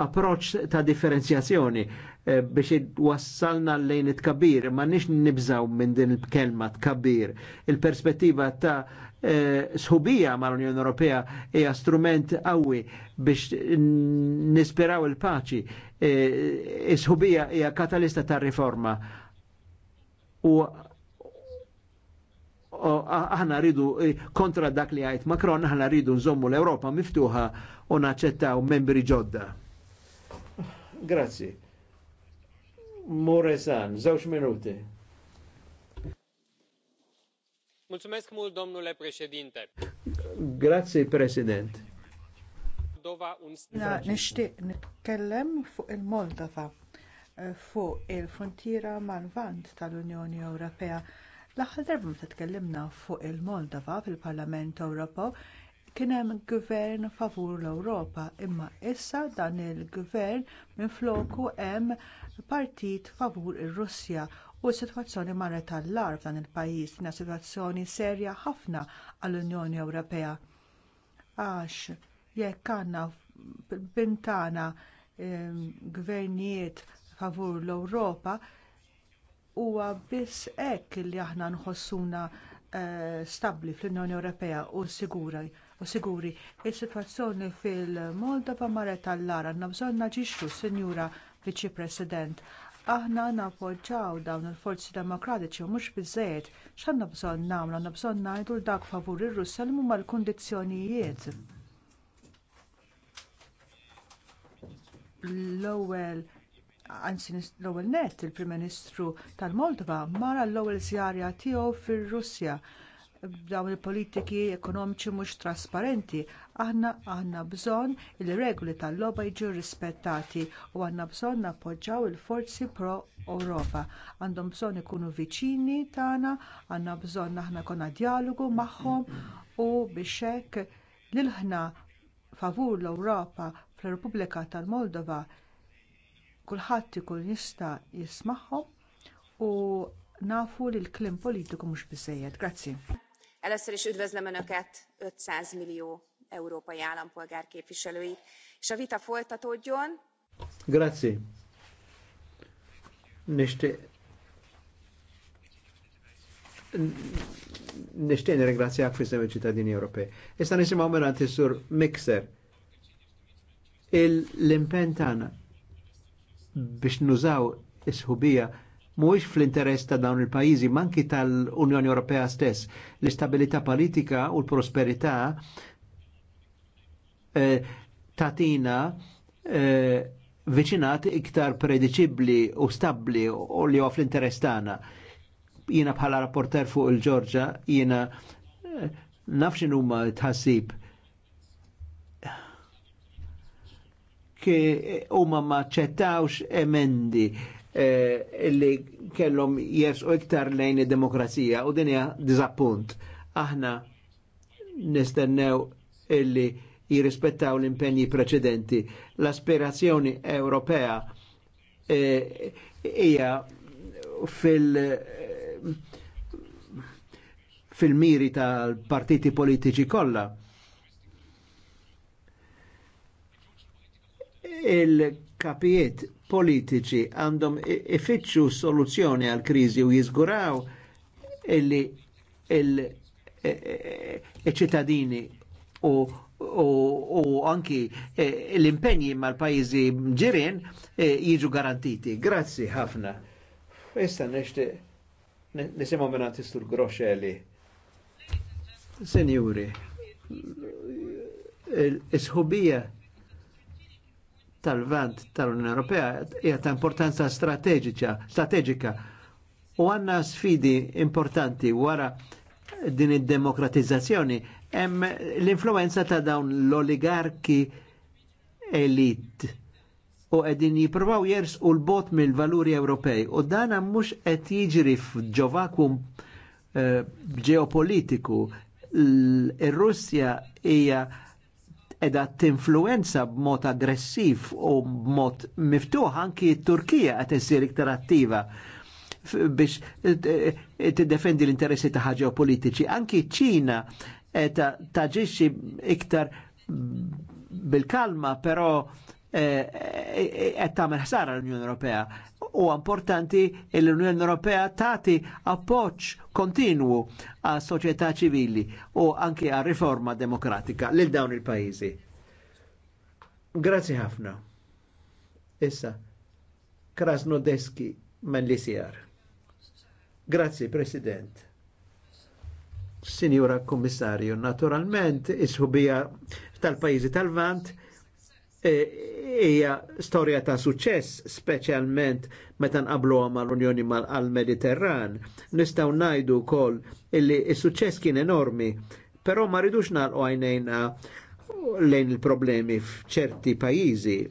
approċ ta' differenzjazzjoni biex wassalna lejn it-kabir, ma nix nibżaw minn din il-kelma t-kabir. Il-perspettiva ta' Eh, sħubija ma' l unjoni Ewropea hija strument qawwi biex nisperaw il-paċi. Eh, sħubija hija katalista ta' riforma. U aħna rridu eh, kontra dak li għajt Macron, aħna rridu nżommu l-Europa miftuħa u naċċettaw membri ġodda. Grazzi. Moresan, zewx minuti. Mult, domnule președinte. Grazie, President. Na, nishtiq nitkellem fuq il-Moldova, eh, fuq il-frontiera mal-vant tal-Unjoni Ewropea. L-aħħar darba meta tkellimna fuq il-Moldova fil-Parlament Ewropew kien hemm gvern favur l-Ewropa, imma issa dan il-gvern minfloku hemm partit favur ir-Russja u s-sitwazzjoni marret tal-lar f'dan il-pajjiż hija sitwazzjoni serja ħafna għall-Unjoni Ewropea. Għax jekk għandna bintana ehm, gvernijiet favur l-Ewropa huwa biss hekk li aħna nħossuna eh, stabbli fl-Unjoni Ewropea u sigura u siguri is-sitwazzjoni fil-Moldova marret tal-lara għandna bżonn naġixxu, Sinjura Viċi President, aħna nappoġġjaw dawn il-forzi demokratiċi u mhux biżżejjed x'għandna bżonn nagħmlu għandna bżonn ngħidu l dak favur ir-Russja li huma l-kundizzjonijiet. L-ewwel anzi l-ewwel nett il-Prim Ministru tal-Moldova mara l-ewwel żjarja tiegħu fir-Russja b'dawn il-politiki ekonomiċi mhux trasparenti. Aħna għandna bżonn il-regoli tal-logħba jiġu rispettati u għandna bżonn nappoġġjaw il-forzi pro Ewropa. Għandhom bżonn ikunu viċini tagħna, għandna bżonn aħna konna dijalogu magħhom u biex hekk lilħna favur l-Ewropa fl-Repubblika tal-Moldova kulħadd ikun jista' jismagħhom u nafu li l-klim politiku mhux biżżejjed. Grazzi először is üdvözlöm önöket five hundred millió európai állampolgár képviselőit és a vita folytatódjon. Grazie. Nishtiq nishtiq nirringrazzjak fis-sem ċittadini Ewropej. Issa e nisimgħu mingħand is-sur Mixer. E L-impenn tagħna biex nużaw is-ħubija mhuwiex fl-interess ta' dawn il-pajjiżi manki tal-Unjoni Ewropea stess. L-istabilità politika u l-prosperità eh, tatina eh, viċinat iktar prediċibli u stabbli u li huwa fl-interess tagħna. Jiena bħala rapporter fuq il-Ġorġa jiena eh, nafxin huma tħassib ke huma ma ċettawx emendi Eh, illi kellhom jersqu iktar lejn id-demokrazija u dinja diżappunt. Aħna nistennew illi jirrispettaw l-impenji preċedenti. L-aspirazzjoni Ewropea eh, hija fil- fil-miri tal-partiti politiċi kollha. il-kapijiet politiċi għandhom ifittxu soluzzjoni għal kriżi u jiżguraw illi il-ċittadini e- e- e- u u anki l-impenji mal-pajizi ġirien jiġu garantiti. Grazzi ħafna. Issa nishti nisimaw minna tistur groxeli. Senjuri, is-ħubija tal-vant tal-Unjoni Ewropea hija ta' importanza strateġika, strateġika. U għanna sfidi importanti wara din id-demokratizzazzjoni hemm l-influenza ta' dawn l-oligarki elit u qegħdin jippruvaw jersqu l-bot mill-valuri Ewropej u dan mhux qed jiġri f'ġovakum eh, ġeopolitiku. Ir-Russja hija edha tinfluenza b'mod aggressiv u b'mod miftuħ anki Turkija qed issir iktar attiva biex tiddefendi l-interessi ta' ġeopolitiċi. Anki ċina taġixxi iktar bil-kalma, però qed eh, eh, eh, tagħmel ħsara l-Unjoni Ewropea. U importanti l-Unjoni Ewropea tagħti appoġġ kontinwu għas soċjetà ċivili u anke għal riforma demokratika lil dawn il-pajjiżi. Grazzi ħafna. Issa, Krasnodeski men li sijar. Grazzi, President. Sinjura Kommissarju, naturalment, isħubija tal-pajizi tal-Vant, hija storja ta' suċċess, speċjalment meta nqablu mal-Unjoni mal-Mediterran. Nistgħu ngħidu wkoll illi s-suċċess kien enormi, però ma ridux nagħlqu għajnejna lejn il-problemi f'ċerti pajjiżi e,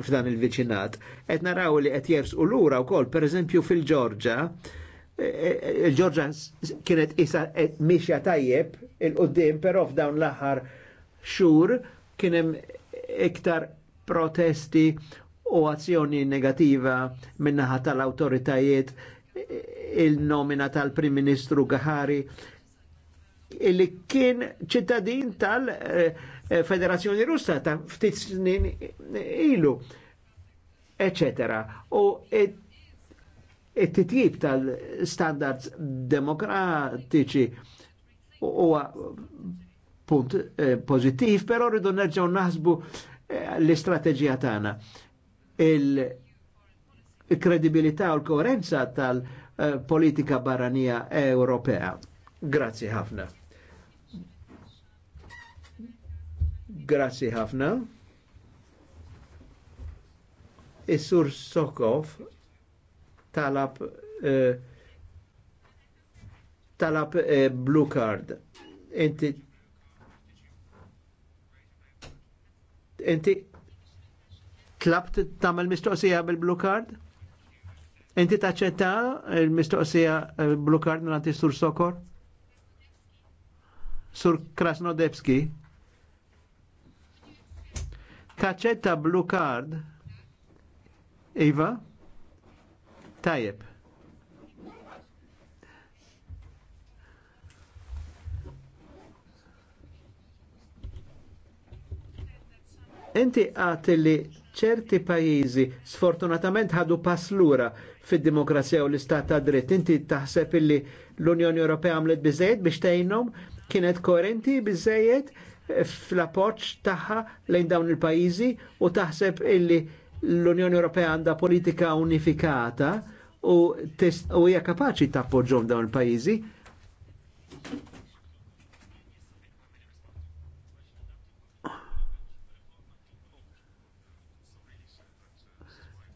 f'dan il-viċinat. Qed naraw li qed jersqu lura wkoll, pereżempju fil-Ġorġa, e, e, il-Ġorġa kienet isa mixja tajjeb il-qoddim, però f'dawn l-aħħar xhur kien hemm iktar protesti u azzjoni negativa minnaħa tal-autoritajiet il-nomina tal-Prim Ministru Gahari illi kien ċittadin tal-Federazzjoni Russa ta' ftit snin ilu, eccetera. U it-titjib tal-standards demokratiċi u punt eh, pozittiv, però rridu nerġaw naħsbu eh, l-istrateġija tagħna. Il-kredibilità u l-koerenza tal-politika eh, barranija Ewropea. Grazzi ħafna. Grazzi ħafna. Is-sur Sokov talab talab blue card. Inti Inti tlabt tagħmel mistoqsija bil-blue card? Inti taċċetta il-mistoqsija eh, blue card minn sur Sokor? Sur Krasnodebski? Taċċetta blue card? Iva? Tajjeb. Inti għat li ċerti pajizi sfortunatament ħadu pass lura fid-demokrazija u l-istat ta' dritt. Inti taħseb li l-Unjoni Ewropea għamlet bizzejed biex tgħinhom kienet koerenti biżejjed fl-appoġġ tagħha lejn dawn il-pajjiżi u taħseb illi l-Unjoni Ewropea għandha politika unifikata u hija kapaċi tappoġġhom dawn il-pajjiżi.